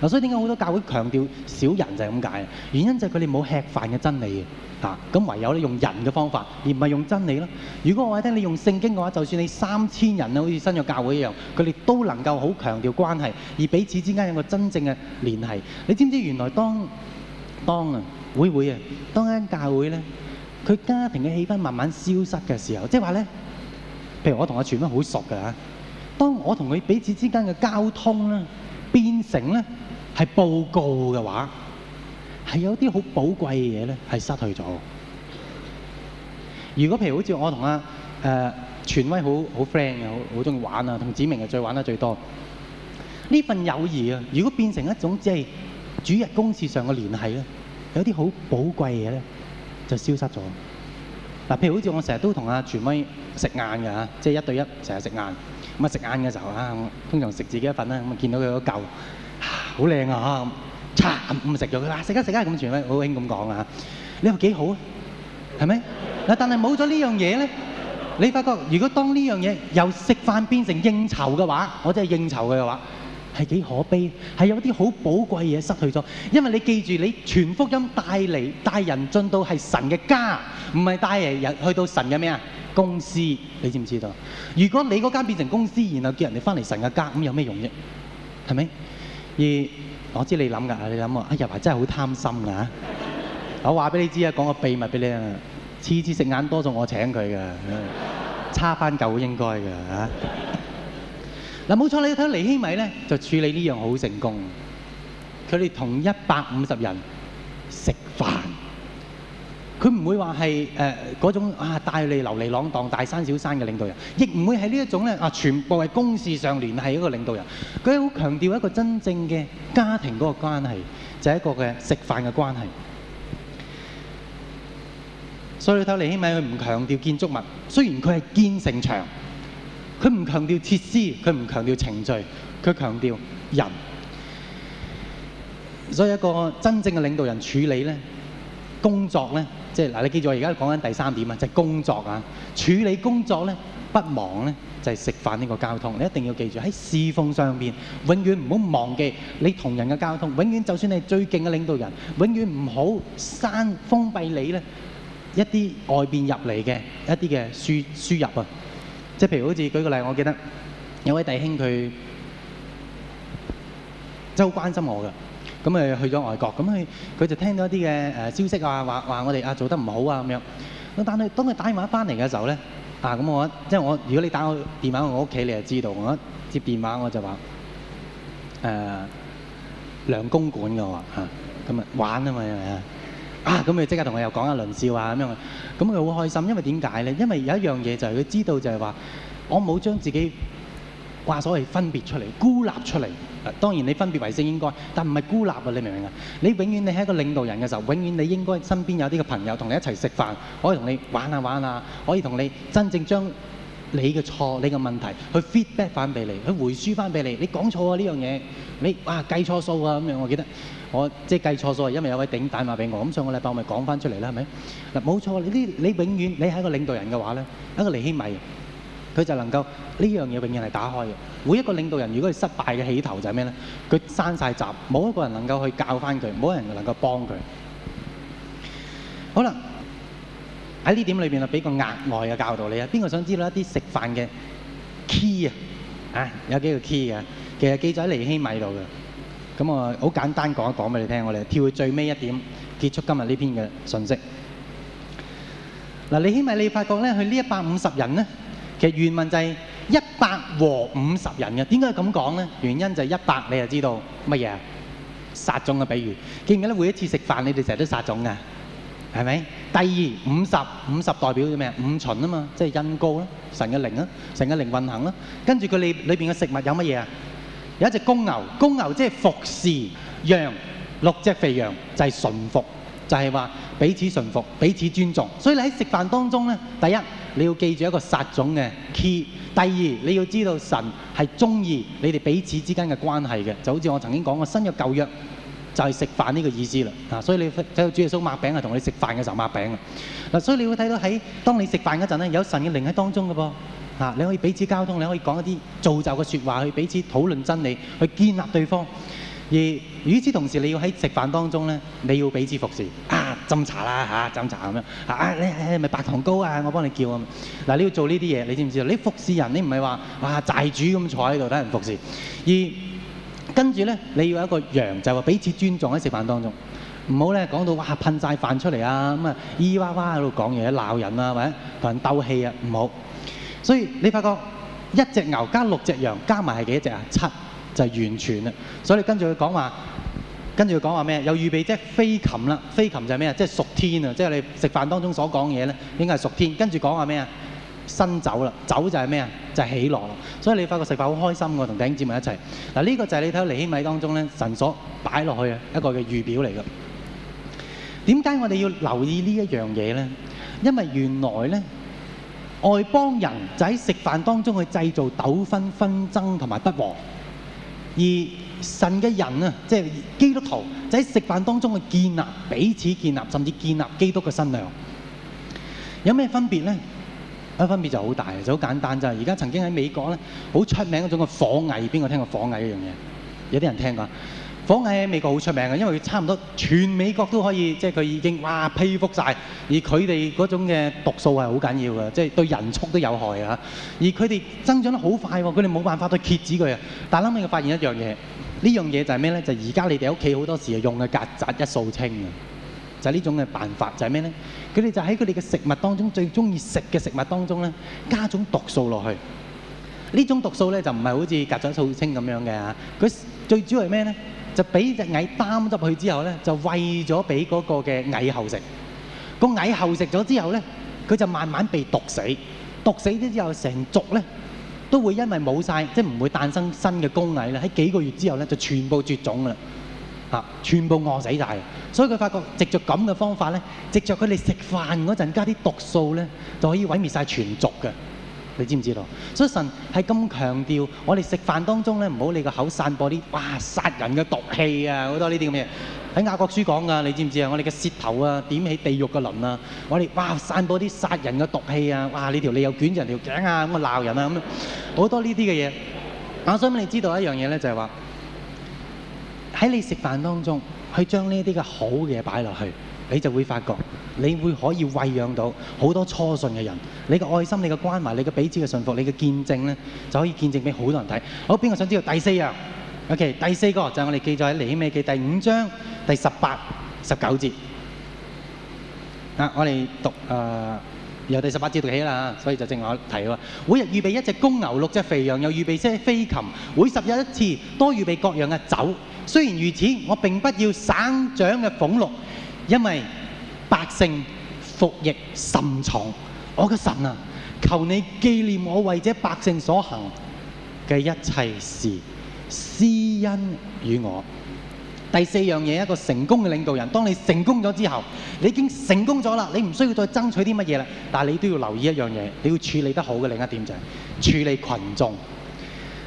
所以點解好多教會強調小人就係咁解？原因就係佢哋冇吃飯嘅真理嘅，咁唯有你用人嘅方法，而唔係用真理咯。如果我話聽你用聖經嘅話，就算你三千人咧，好似新約嘅教會一樣，佢哋都能夠好強調關係，而彼此之間有個真正嘅聯繫。你知唔知原來當當啊會會啊當間教會咧，佢家庭嘅氣氛慢慢消失嘅時候，即係話咧，譬如我同阿傳哥好熟嘅嚇，當我同佢彼此之間嘅交通咧變成咧～係報告嘅話，係有啲好寶貴嘅嘢咧，係失去咗。如果譬如好似我同阿誒傳威好好 friend 嘅，好好鍾意玩啊，同子明又最玩得最多。呢份友誼啊，如果變成一種即係主日公事上嘅聯繫咧，有啲好寶貴嘢咧，就消失咗。嗱，譬如好似我成日都同阿傳威食晏㗎，即係一對一成日食晏咁啊，食晏嘅時候啊，通常食自己一份啦，咁啊見到佢嗰嚿。好靚啊！嚇，叉唔食咗佢啦，食啊食啊，咁轉咧，好興咁講啊嚇，你話幾好啊？係咪嗱？但係冇咗呢樣嘢咧，你發覺如果當呢樣嘢由食飯變成應酬嘅話，我真係應酬嘅話，係幾可悲？係有啲好寶貴嘢失去咗，因為你記住，你全福音帶嚟帶人進到係神嘅家，唔係帶嚟人去到神嘅咩啊公司？你知唔知道？如果你嗰間變成公司，然後叫人哋翻嚟神嘅家，咁有咩用啫？係咪？二，我知道你諗噶，你諗啊，哎呀，真係好貪心啊！ [laughs] 我話俾你知啊，講個秘密俾你啊，次次食晏多數我請佢的 [laughs] 差翻夠應該的嚇。嗱 [laughs] 冇錯，你睇尼希米呢，就處理呢樣好成功，佢哋同一百五十人食飯。佢唔會話係誒嗰種啊，帶流離浪蕩、大山小山嘅領導人，亦唔會係呢種、啊、全部係公事上聯繫一個領導人。佢好強調一個真正嘅家庭嗰個關係，就係、是、一個嘅食飯嘅關係。所以睇尼希米，佢唔強調建築物，雖然佢係建城牆，佢唔強調設施，佢唔強調程序，佢強調人。所以一個真正嘅領導人處理呢工作呢即係嗱，你記住，我而家講緊第三點啊，就係工作啊，處理工作咧不忙咧，就係食飯呢個交通。你一定要記住喺侍奉上邊，永遠唔好忘記你同人嘅交通。永遠就算你係最勁嘅領導人，永遠唔好閂封閉你咧一啲外邊入嚟嘅一啲嘅輸輸入啊！即係譬如好似舉個例，我記得有位弟兄佢都好關心我㗎。咁誒去咗外國，咁佢就聽到一啲嘅消息啊，話話我哋做得唔好啊咁樣。但係當佢打電話返嚟嘅時候呢，咁、啊、我即係我，如果你打我電話我屋企，你就知道我接電話我就話呃、啊、梁公館嘅喎咁、啊、玩啊嘛係咪啊？啊咁佢即刻同我又講啊輪笑啊咁樣，咁佢好開心，因為點解呢？因為有一樣嘢就係佢知道就係話我冇將自己話所謂分別出嚟、孤立出嚟。當然你分別為聖應該，但唔係孤立啊！你明唔明啊？你永遠你喺一個領導人嘅時候，永遠你應該身邊有啲嘅朋友同你一齊食飯，可以同你玩下玩下，可以同你真正將你嘅錯、你嘅問題去 feedback 返俾你，去回輸翻俾你。你講錯啊呢樣嘢，你哇計錯數啊咁樣。我記得我即係計錯數，因為有位頂帶埋俾我。咁上個禮拜我咪講翻出嚟啦，係咪？嗱冇錯，呢啲你永遠你喺一個領導人嘅話咧，一個雷輕迷。佢就能夠呢樣嘢永遠係打開嘅。每一個領導人如果佢失敗嘅起頭就係咩呢？佢閂晒閘，冇一個人能夠去教返佢，冇一個人能夠幫佢。好啦，喺呢點裏面，俾個額外嘅教導你啊。邊個想知道一啲食飯嘅 key 啊？啊，有幾個 key 啊。其實記載喺尼希米度嘅。咁我好簡單講一講俾你聽，我哋跳去最尾一點，結束今日呢篇嘅信息。嗱，尼希米你發覺呢，佢呢一百五十人呢。其實原文就係一百和五十人嘅，點解係咁講咧？原因就係一百，你就知道乜嘢？殺種嘅比喻。記唔記得每一次食飯，你哋成日都殺種嘅，係咪？第二，五十五十代表咩啊？五旬啊嘛，即係恩膏啦，神嘅靈啦，神嘅靈運行啦。跟住佢裏裏邊嘅食物有乜嘢啊？有一隻公牛，公牛即係服侍羊，六隻肥羊就係順服，就係話彼此順服，彼此尊重。所以你喺食飯當中咧，第一。你要記住一個殺種嘅 key。第二，你要知道神係中意你哋彼此之間嘅關係嘅，就好似我曾經講過新約舊約就係、是、食飯呢個意思啦。啊，所以你睇到主耶穌擘餅係同你食飯嘅時候擘餅嘅。所以你會睇到喺當你食飯嗰陣咧，有神嘅靈喺當中嘅噃。你可以彼此交通，你可以講一啲造就嘅説話，去彼此討論真理，去建立對方。而與此同時，你要喺食飯當中呢，你要彼此服侍啊，斟茶啦嚇，斟、啊、茶咁樣啊，你係咪、啊、白糖糕啊？我幫你叫啊。嗱，你要做呢啲嘢，你知唔知道？你服侍人，你唔係話哇寨主咁坐喺度等人服侍，而跟住呢，你要一個羊，就係彼此尊重喺食飯當中，唔好咧講到哇噴晒飯出嚟啊，咁啊，咿哇哇喺度講嘢鬧人啊，或者同人鬥氣啊，唔好。所以你發覺一隻牛加六隻羊加埋係幾多隻啊？七。就係完全啦，所以跟住佢講話，跟住佢講話咩？有預備即係飛禽啦，飛禽就係咩啊？即係屬天啊！即係你食飯當中所講嘢咧，應該係屬天。跟住講話咩啊？新酒啦，酒就係咩啊？就係喜樂。所以你發覺食飯好開心㗎，同弟兄姊妹一齊嗱。呢個就係你睇到尼希米當中呢，神所擺落去嘅一個嘅預表嚟㗎。點解我哋要留意呢一樣嘢呢？因為原來呢，外邦人就喺食飯當中去製造糾紛、紛爭同埋不和。而神嘅人啊，即係基督徒，就喺食飯當中去建立彼此建立，甚至建立基督嘅新娘。有咩分別咧？啊，分別就好大，就好簡單就係而家曾經喺美國咧，好出名嗰種嘅火蟻，邊個聽過火蟻呢樣嘢？有啲人聽過。講喺美國好出名嘅，因為佢差唔多全美國都可以，即係佢已經哇批覆晒。而佢哋嗰種嘅毒素係好緊要嘅，即係對人畜都有害嘅。而佢哋增長得好快喎，佢哋冇辦法去遏止佢啊。但係諗起發現一樣嘢，呢樣嘢，呢樣嘢就係咩咧？就係而家你哋屋企好多時用嘅曱甴一掃清啊，就係呢種嘅辦法，就係咩咧？佢哋就喺佢哋嘅食物當中最中意食嘅食物當中咧，加種毒素落去。呢種毒素咧就唔係好似曱甴掃清咁樣嘅嚇，佢最主要係咩咧？就俾隻蟻擔入去之後呢，就餵咗俾嗰個嘅蟻後食。個蟻後食咗之後呢，佢就慢慢被毒死。毒死咗之後，成族呢都會因為冇晒，即係唔會誕生新嘅公蟻啦。喺幾個月之後呢，就全部絕種啦，全部餓死晒。所以佢發覺藉著咁嘅方法呢，藉著佢哋食飯嗰陣加啲毒素呢，就可以毀滅晒全族嘅。你知唔知道？所以神係咁強調，我哋食飯當中呢，唔好你個口散播啲哇殺人嘅毒氣啊！好多呢啲咁嘢喺雅各書講，你知唔知道？我哋嘅舌頭啊，點起地獄嘅林啊！我哋哇散播啲殺人嘅毒氣啊！哇你條脷又捲人條頸啊！咁啊鬧人啊，好多呢啲嘅嘢。我想你知道一樣嘢呢，就係話喺你食飯當中，去將呢啲嘅好嘅嘢擺落去。你就會發覺，你會可以餵養到好多初信嘅人。你嘅愛心、你嘅關懷、你嘅彼此嘅信服、你嘅見證咧，就可以見證俾好多人睇。好，邊個想知道第四樣？OK，第四個就係我哋記載喺尼希米記第五章第十八、十九節啊。我哋讀誒由第十八節讀起啦，所以就正我提喎。每日預備一隻公牛、六隻肥羊，又預備些飛禽。每十日一次，多預備各樣嘅酒。雖然如此，我並不要省長嘅俸祿。因為百姓服役甚重，我嘅神啊，求你記念我為這百姓所行嘅一切事，施恩與我。第四樣嘢，一個成功嘅領導人，當你成功咗之後，你已經成功咗啦，你唔需要再爭取啲乜嘢啦，但你都要留意一樣嘢，你要處理得好嘅另一點就係處理群眾。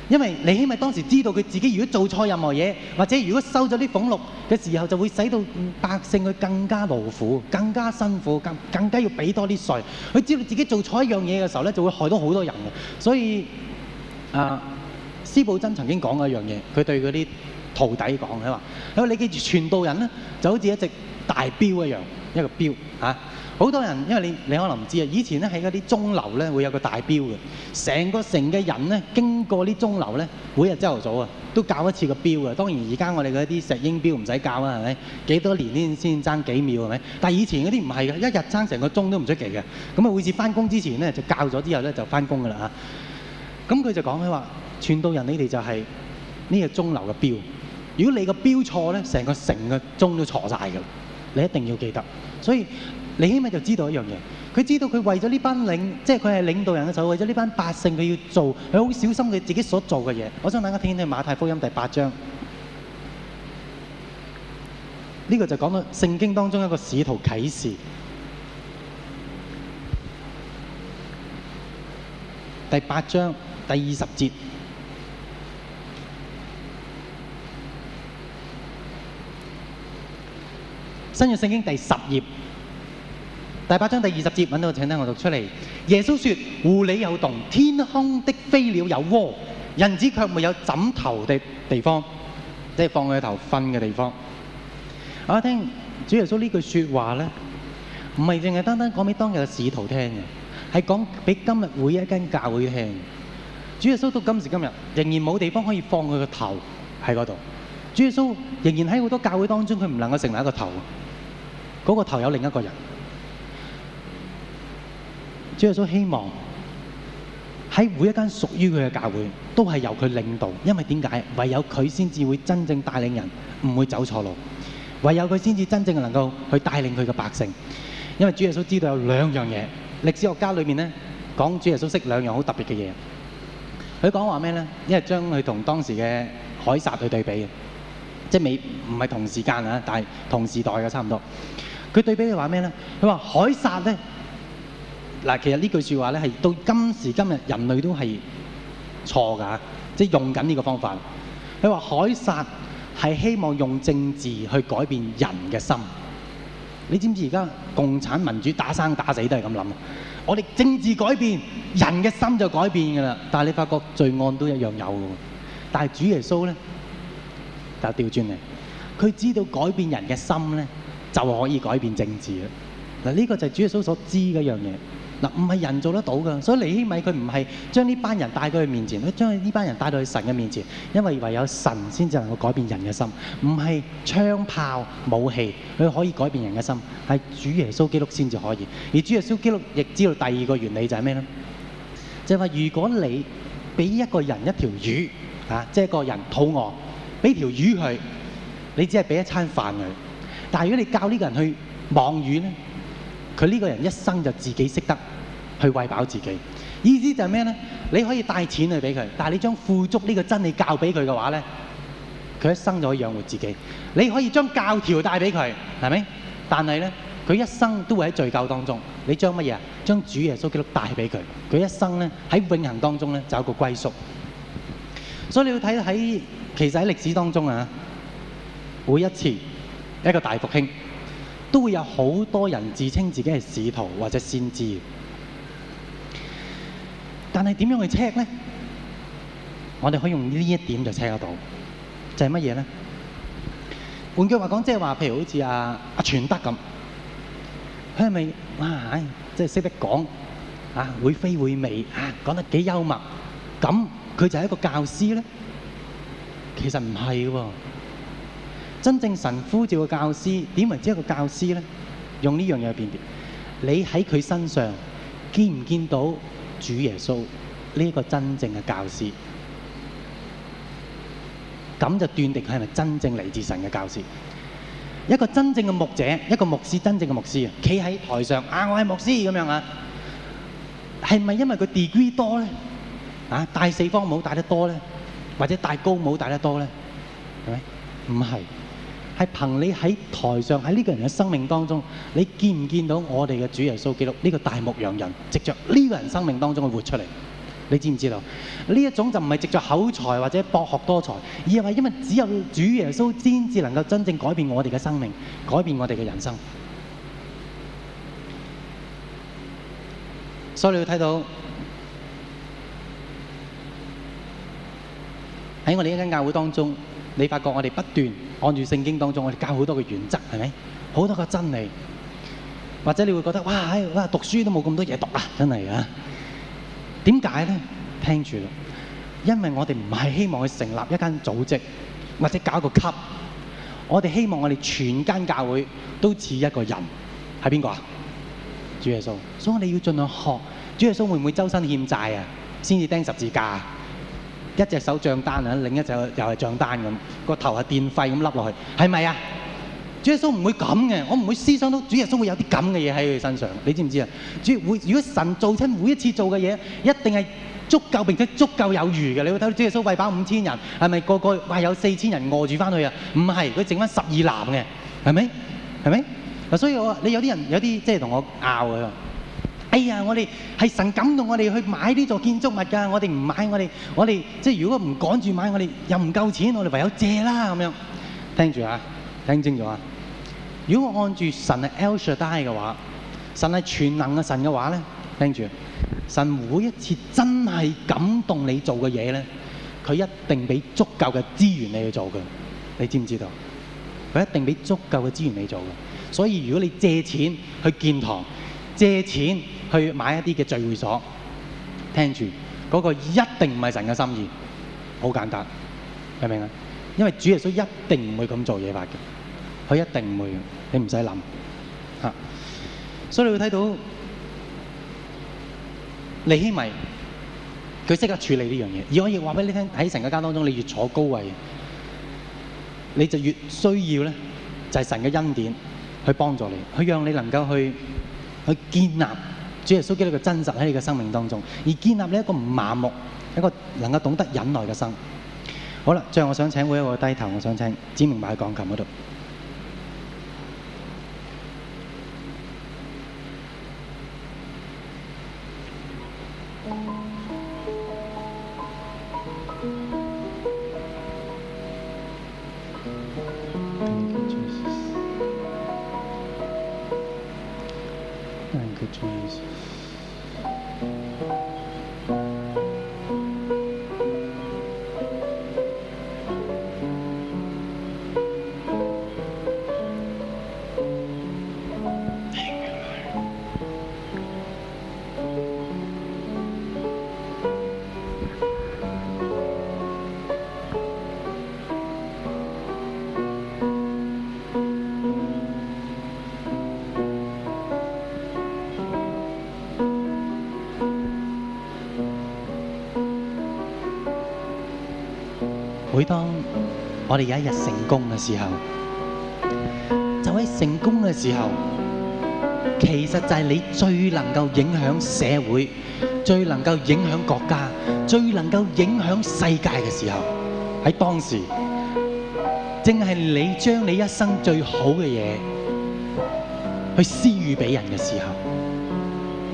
因為你起碼當時知道佢自己如果做錯任何嘢，或者如果收咗啲俸祿嘅時候，就會使到百姓佢更加勞苦、更加辛苦、更更加要俾多啲稅。佢知道自己做錯一樣嘢嘅時候呢，就會害到好多人。所以啊，司布真曾經講過一樣嘢，佢對嗰啲徒弟講呢，話：你記住，傳道人呢，就好似一隻大標一樣，一個標，啊好多人，因為你你可能唔知啊。以前咧喺嗰啲鐘樓咧會有個大錶嘅，成個城嘅人咧經過啲鐘樓咧，每日朝頭早啊都校一次個錶嘅。當然而家我哋嗰啲石英錶唔使校啦，係咪？幾多年先先爭幾秒係咪？但係以前嗰啲唔係嘅，一日爭成個鐘都唔出奇嘅。咁啊，每次翻工之前咧就校咗之後咧就翻工嘅啦嚇。咁佢就講起話：傳道人，你哋就係呢個鐘樓嘅錶。如果你個錶錯咧，成個城嘅鐘都錯晒㗎啦。你一定要記得，所以。你起碼就知道一樣嘢，佢知道佢為咗呢班領，即係佢係領導人嘅時候，為咗呢班百姓佢要做，佢好小心佢自己所做嘅嘢。我想大家聽聽馬太福音第八章，呢個就講到聖經當中一個使徒啟示，第八章第二十節，新約聖經第十頁第八章第二十節揾到，請聽我讀出嚟。耶穌說：狐狸有洞，天空的飛鳥有窩，人子卻沒有枕頭的地方，即係放佢頭瞓嘅地方。我聽主耶穌呢句説話咧，唔係淨係單單講俾當日嘅使徒聽嘅，係講俾今日每一間教會聽。主耶穌到今時今日，仍然冇地方可以放佢個頭喺嗰度。主耶穌仍然喺好多教會當中，佢唔能夠成為一個頭，嗰個頭有另一個人。主耶穌希望喺每一間屬於佢嘅教會，都係由佢領導，因為點解？唯有佢先至會真正帶領人，唔會走錯路；唯有佢先至真正能夠去帶領佢嘅百姓。因為主耶穌知道有兩樣嘢，歷史學家裏面咧講，主耶穌識兩樣好特別嘅嘢。佢講話咩呢？因為將佢同當時嘅凱撒去對比嘅，即係未唔係同時間呀，但係同時代嘅差唔多。佢對比佢話咩咧？佢話凱撒呢。嗱，其實呢句説話咧，係到今時今日，人類都係錯㗎，即係用緊呢個方法。你話凱撒係希望用政治去改變人嘅心，你知唔知而家共產民主打生打死都係咁諗？我哋政治改變人嘅心就改變㗎啦，但係你發覺罪案都一樣有㗎。但係主耶穌咧就調轉嚟，佢知道改變人嘅心咧就可以改變政治啦。嗱，呢個就係主耶穌所知嗰樣嘢。嗱，唔係人做得到嘅，所以尼希米佢唔係將呢班人帶到去面前，佢將呢班人帶到去神嘅面前，因為唯有神先至能夠改變人嘅心，唔係槍炮武器佢可以改變人嘅心，係主耶穌基督先至可以。而主耶穌基督亦知道第二個原理就係咩呢？就話、是、如果你畀一個人一條魚，嚇、啊，即、就、係、是、個人肚餓，畀條魚佢，你只係畀一餐飯佢，但係如果你教呢個人去望魚呢。佢呢個人一生就自己識得去餵飽自己，意思就係咩呢？你可以帶錢去俾佢，但係你將富足呢個真理教俾佢嘅話呢，佢一生就可以養活自己。你可以將教條帶俾佢，係咪？但係呢，佢一生都會喺罪疚當中。你將乜嘢啊？將主耶穌基督帶俾佢，佢一生呢喺永恆當中呢，就有個歸宿。所以你要睇喺其實喺歷史當中啊，每一次一個大復興。都會有好多人自稱自己係使徒或者先知，但係點樣去 check 呢？我哋可以用呢一點就 check 得到，就係乜嘢呢？換句話講，即係話，譬如好似阿阿全德咁，佢係咪哇？唉、哎，真係識得講啊，會飛會媚啊，講得幾幽默，咁佢就係一個教師呢，其實唔係喎。真正神呼召嘅教師點為之一個教師咧？用呢樣嘢辨別，你喺佢身上見唔見到主耶穌呢一個真正嘅教師？咁就斷定佢係咪真正嚟自神嘅教師？一個真正嘅牧者，一個牧師，真正嘅牧師，企喺台上啊！我係牧師咁樣啊！係咪因為佢 degree 多咧？啊，戴四方帽戴得多咧，或者戴高帽戴得多咧？係咪？唔係。係憑你喺台上，喺呢個人嘅生命當中，你見唔見到我哋嘅主耶穌基督呢個大牧羊人，藉着呢個人生命當中去活出嚟？你知唔知道？呢一種就唔係藉着口才或者博學多才，而係因為只有主耶穌先至能夠真正改變我哋嘅生命，改變我哋嘅人生。所以你要睇到喺我哋呢間教會當中，你發覺我哋不斷。按住聖經當中，我哋教好多嘅原則，係咪？好多個真理，或者你會覺得哇讀書都冇咁多嘢讀啊，真係啊！點解呢？聽住，因為我哋唔係希望去成立一間組織，或者搞一個級，我哋希望我哋全間教會都似一個人，係邊個啊？主耶穌，所以我們要盡量學主耶穌會唔會周身欠債啊？先至釘十字架啊？一隻手帳單啊，另一隻又係帳單咁，個頭係電費咁笠落去，係咪啊？主耶穌唔會咁嘅，我唔會思想到，主耶穌會有啲咁嘅嘢喺佢身上，你知唔知啊？主會，如果神做親每一次做嘅嘢，一定係足夠並且足夠有餘嘅。你會睇到主耶穌餵飽五千人，係咪個個話有四千人餓住翻去啊？唔係，佢剩翻十二籃嘅，係咪？係咪？嗱，所以我話你有啲人有啲即係同我拗佢。哎呀！我哋係神感動我哋去買呢座建築物㗎。我哋唔買，我哋我哋即係如果唔趕住買，我哋又唔夠錢，我哋唯有借啦咁樣。聽住啊，聽清楚啊！如果我按住神係 El Shaddai 嘅話，神係全能嘅神嘅話咧，聽住，神每一次真係感動你做嘅嘢咧，佢一定俾足夠嘅資源你去做嘅。你知唔知道？佢一定俾足夠嘅資源你做嘅。所以如果你借錢去建堂，借錢。去買一啲嘅聚會所，聽住嗰個一定唔係神嘅心意，好簡單，明唔明啊？因為主耶穌一定唔會咁做嘢法嘅，佢一定唔會嘅，你唔使諗嚇。所以你會睇到尼希米佢即刻處理呢樣嘢，而我可以話俾你聽喺神嘅家當中，你越坐高位，你就越需要咧就係神嘅恩典去幫助你，去讓你能夠去去建立。主耶穌基督嘅真實喺你嘅生命當中，而建立你一個唔麻木，一個能夠懂得忍耐嘅心。好啦，最後我想請每一位低頭，我想請子明埋喺鋼琴嗰度。我哋有一日成功嘅時候，就喺成功嘅時候，其實就係你最能夠影響社會、最能夠影響國家、最能夠影響世界嘅時候。喺當時，正係你將你一生最好嘅嘢去施予俾人嘅時候，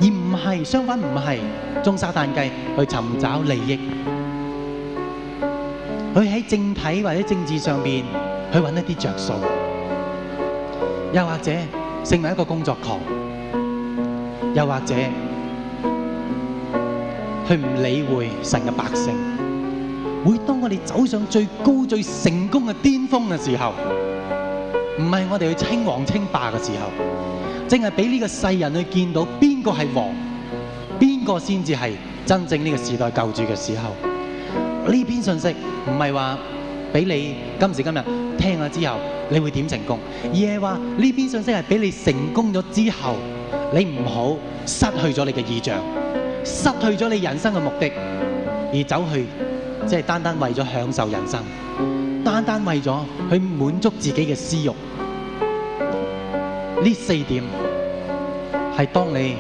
而唔係相反，唔係中撒但計去尋找利益。去喺政體或者政治上邊去揾一啲着數，又或者成為一個工作狂，又或者去唔理會神嘅百姓。每當我哋走上最高最成功嘅巔峰嘅時候，唔係我哋去稱王稱霸嘅時候，淨係俾呢個世人去見到邊個係王，邊個先至係真正呢個時代救主嘅時候。呢篇信息唔係話俾你今時今日聽咗之後你會點成功，而係話呢篇信息係俾你成功咗之後，你唔好失去咗你嘅異象，失去咗你人生嘅目的，而走去即係單單為咗享受人生，單單為咗去滿足自己嘅私欲。呢四點，係當你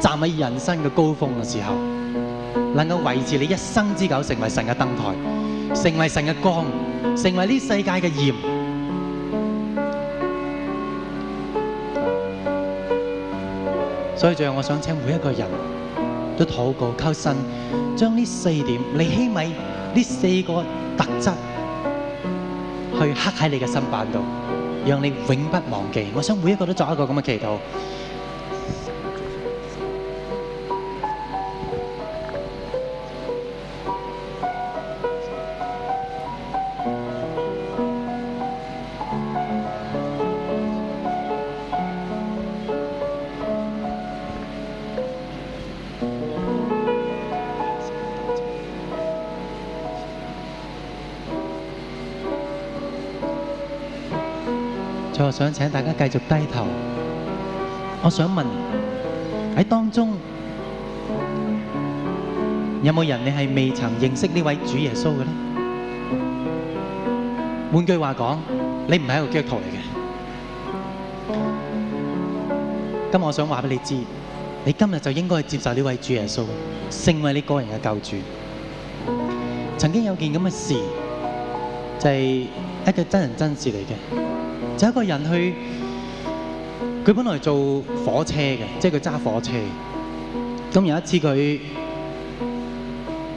站喺人生嘅高峰嘅時候，能夠維持你一生之久，成為神嘅燈台，成為神嘅光，成為呢世界嘅鹽。所以最後，我想請每一個人都禱告、求神，將呢四點、尼希米呢四個特質，去刻喺你嘅心版度，讓你永不忘記。我想每一個都作一個咁嘅祈禱。想請大家繼續低頭。我想問喺當中有冇人你係未曾認識呢位主耶穌嘅呢？換句話講，你唔係一個基督徒嚟嘅。今日我想話俾你知，你今日就應該去接受呢位主耶穌，成為你個人嘅救主。曾經有件咁嘅事，就係一個真人真事嚟嘅。就一個人去，佢本來做火車嘅，即係佢揸火車。咁有一次佢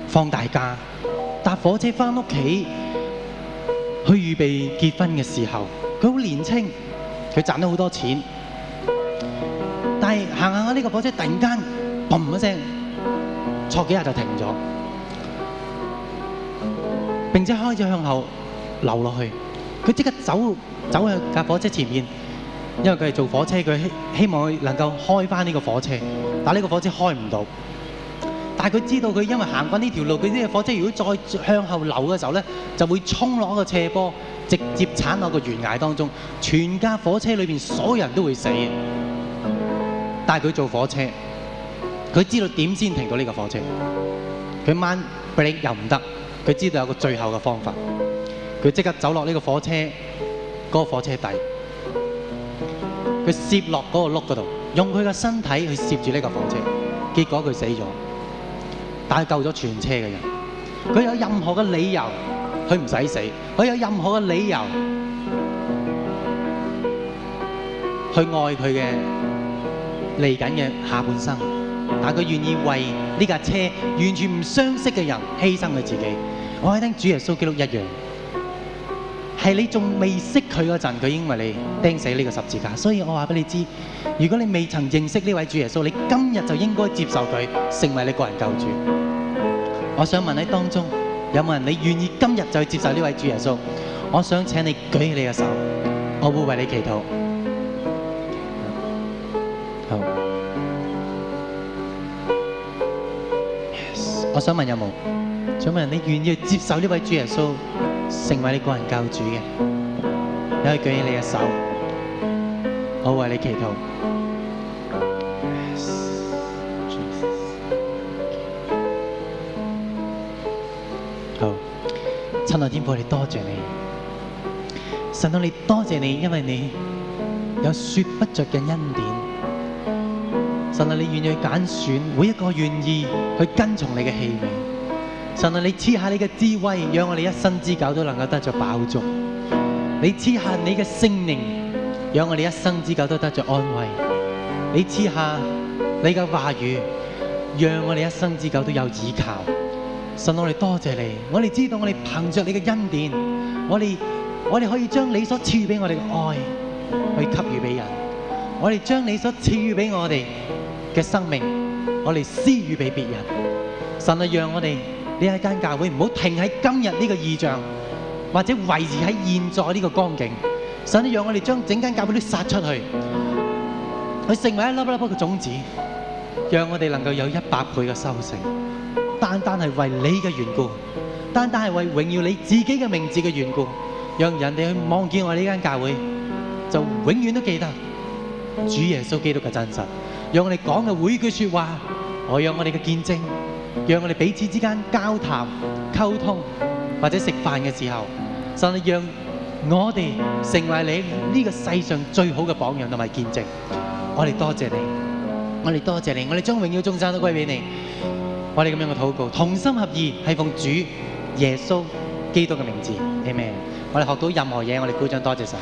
放大假，搭火車返屋企去預備結婚嘅時候，佢好年輕，佢賺咗好多錢。但係行行下呢個火車，突然間砰一聲，坐幾下就停咗，並且開始向後流落去。佢即刻走。走去架火車前面，因為佢係做火車，佢希希望佢能夠開翻呢個火車，但呢個火車開唔到。但係佢知道佢因為行返呢條路，佢呢個火車如果再向後流嘅時候咧，就會衝落個斜坡，直接鏟落個懸崖當中，全架火車裏邊所有人都會死。但佢做火車，佢知道點先停到呢個火車。佢掹 brake 又唔得，佢知道有個最後嘅方法。佢即刻走落呢個火車。嗰個火車底，佢攝落嗰個轆嗰度，用佢嘅身體去攝住呢架火車，結果佢死咗，但係救咗全車嘅人。佢有任何嘅理由，佢唔使死；佢有任何嘅理由，去愛佢嘅嚟緊嘅下半生，但佢願意為呢架車完全唔相識嘅人犧牲佢自己。我喺聽主耶穌基督一樣。係你仲未識佢嗰陣，佢已經為你釘死呢個十字架。所以我話俾你知，如果你未曾認識呢位主耶穌，你今日就應該接受佢成為你個人救主。我想問你當中有冇人？你願意今日就去接受呢位主耶穌？我想請你舉起你嘅手，我會為你祈禱。好，我想問有冇？請問你願意接受呢位主耶穌？成為你個人救主嘅，你可以舉起你嘅手，我為你祈禱。好，親愛天父，我哋多謝你，神啊，我哋多謝你，因為你有說不著嘅恩典。神啊，你願意去揀選每一個願意去跟從你嘅器皿。神啊，你賜下你嘅智慧，讓我哋一生之久都能夠得着飽足；你賜下你嘅聖靈，讓我哋一生之久都得着安慰；你賜下你嘅話語，讓我哋一生之久都有依靠。神啊，我哋多謝你，我哋知道我哋憑着你嘅恩典，我哋我哋可以將你所賜予俾我哋嘅愛去給予俾人；我哋將你所賜予俾我哋嘅生命，我哋施予俾別人。神啊，讓我哋。你喺間教會唔好停喺今日呢個異象，或者維持喺現在呢個光景，想讓我哋將整間教會都殺出去，去成為一粒粒個種子，讓我哋能夠有一百倍嘅收成。單單係為你嘅緣故，單單係為榮耀你自己嘅名字嘅緣故，讓人哋去望見我哋呢間教會，就永遠都記得主耶穌基督嘅真實。讓我哋講嘅每句說話，我讓我哋嘅見證，讓我哋彼此之間交談、溝通，或者食飯嘅時候，甚至讓我哋成為你呢個世上最好嘅榜樣同埋見證。我哋多謝你，我哋多謝你，我哋將榮耀中眾生都歸俾你。我哋咁樣嘅禱告，同心合意，係奉主耶穌基督嘅名字，Amen。我哋學到任何嘢，我哋鼓掌，多謝神。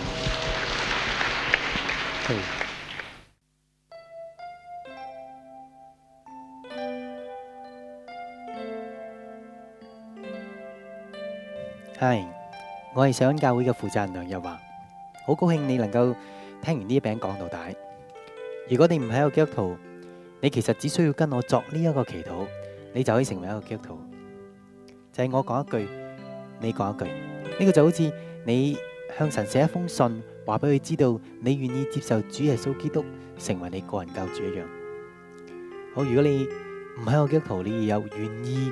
我係上恩教會嘅負責人梁日華，好高興你能夠聽完呢一篇講道。如果你唔喺個基督徒，你其實只需要跟我作呢一個祈禱，你就可以成為一個基督徒。就係我講一句，你講一句，呢個就好似你向神寫一封信，話俾佢知道你願意接受主耶穌基督成為你個人教主一樣。好，如果你唔喺個基督徒，你又願意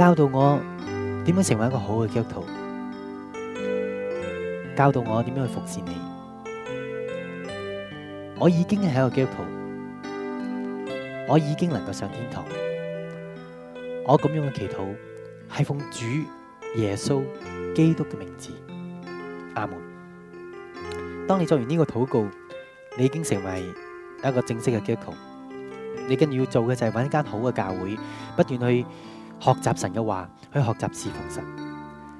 教導我點樣成為一個好嘅基督徒，教導我點樣去服侍你。我已經係一個基督徒，我已經能夠上天堂。我咁樣嘅祈禱係奉主耶穌基督嘅名字，阿門。當你做完呢個禱告，你已經成為一個正式嘅基督徒。你跟住要做嘅就係揾一間好嘅教會，不斷去。學習神嘅話，去學習侍奉神。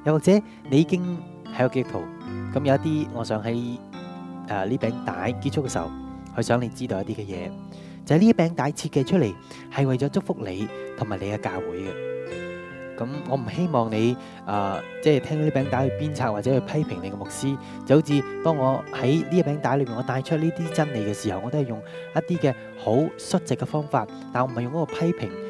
又或者你已經係個基督徒，咁有一啲，我想喺誒呢餅帶結束嘅時候，去想你知道一啲嘅嘢。就係呢一餅帶設計出嚟，係為咗祝福你同埋你嘅教會嘅。咁我唔希望你誒、呃，即係聽到呢餅帶去鞭策或者去批評你嘅牧師。就好似當我喺呢一餅帶裏面，我帶出呢啲真理嘅時候，我都係用一啲嘅好率直嘅方法，但我唔係用嗰個批評。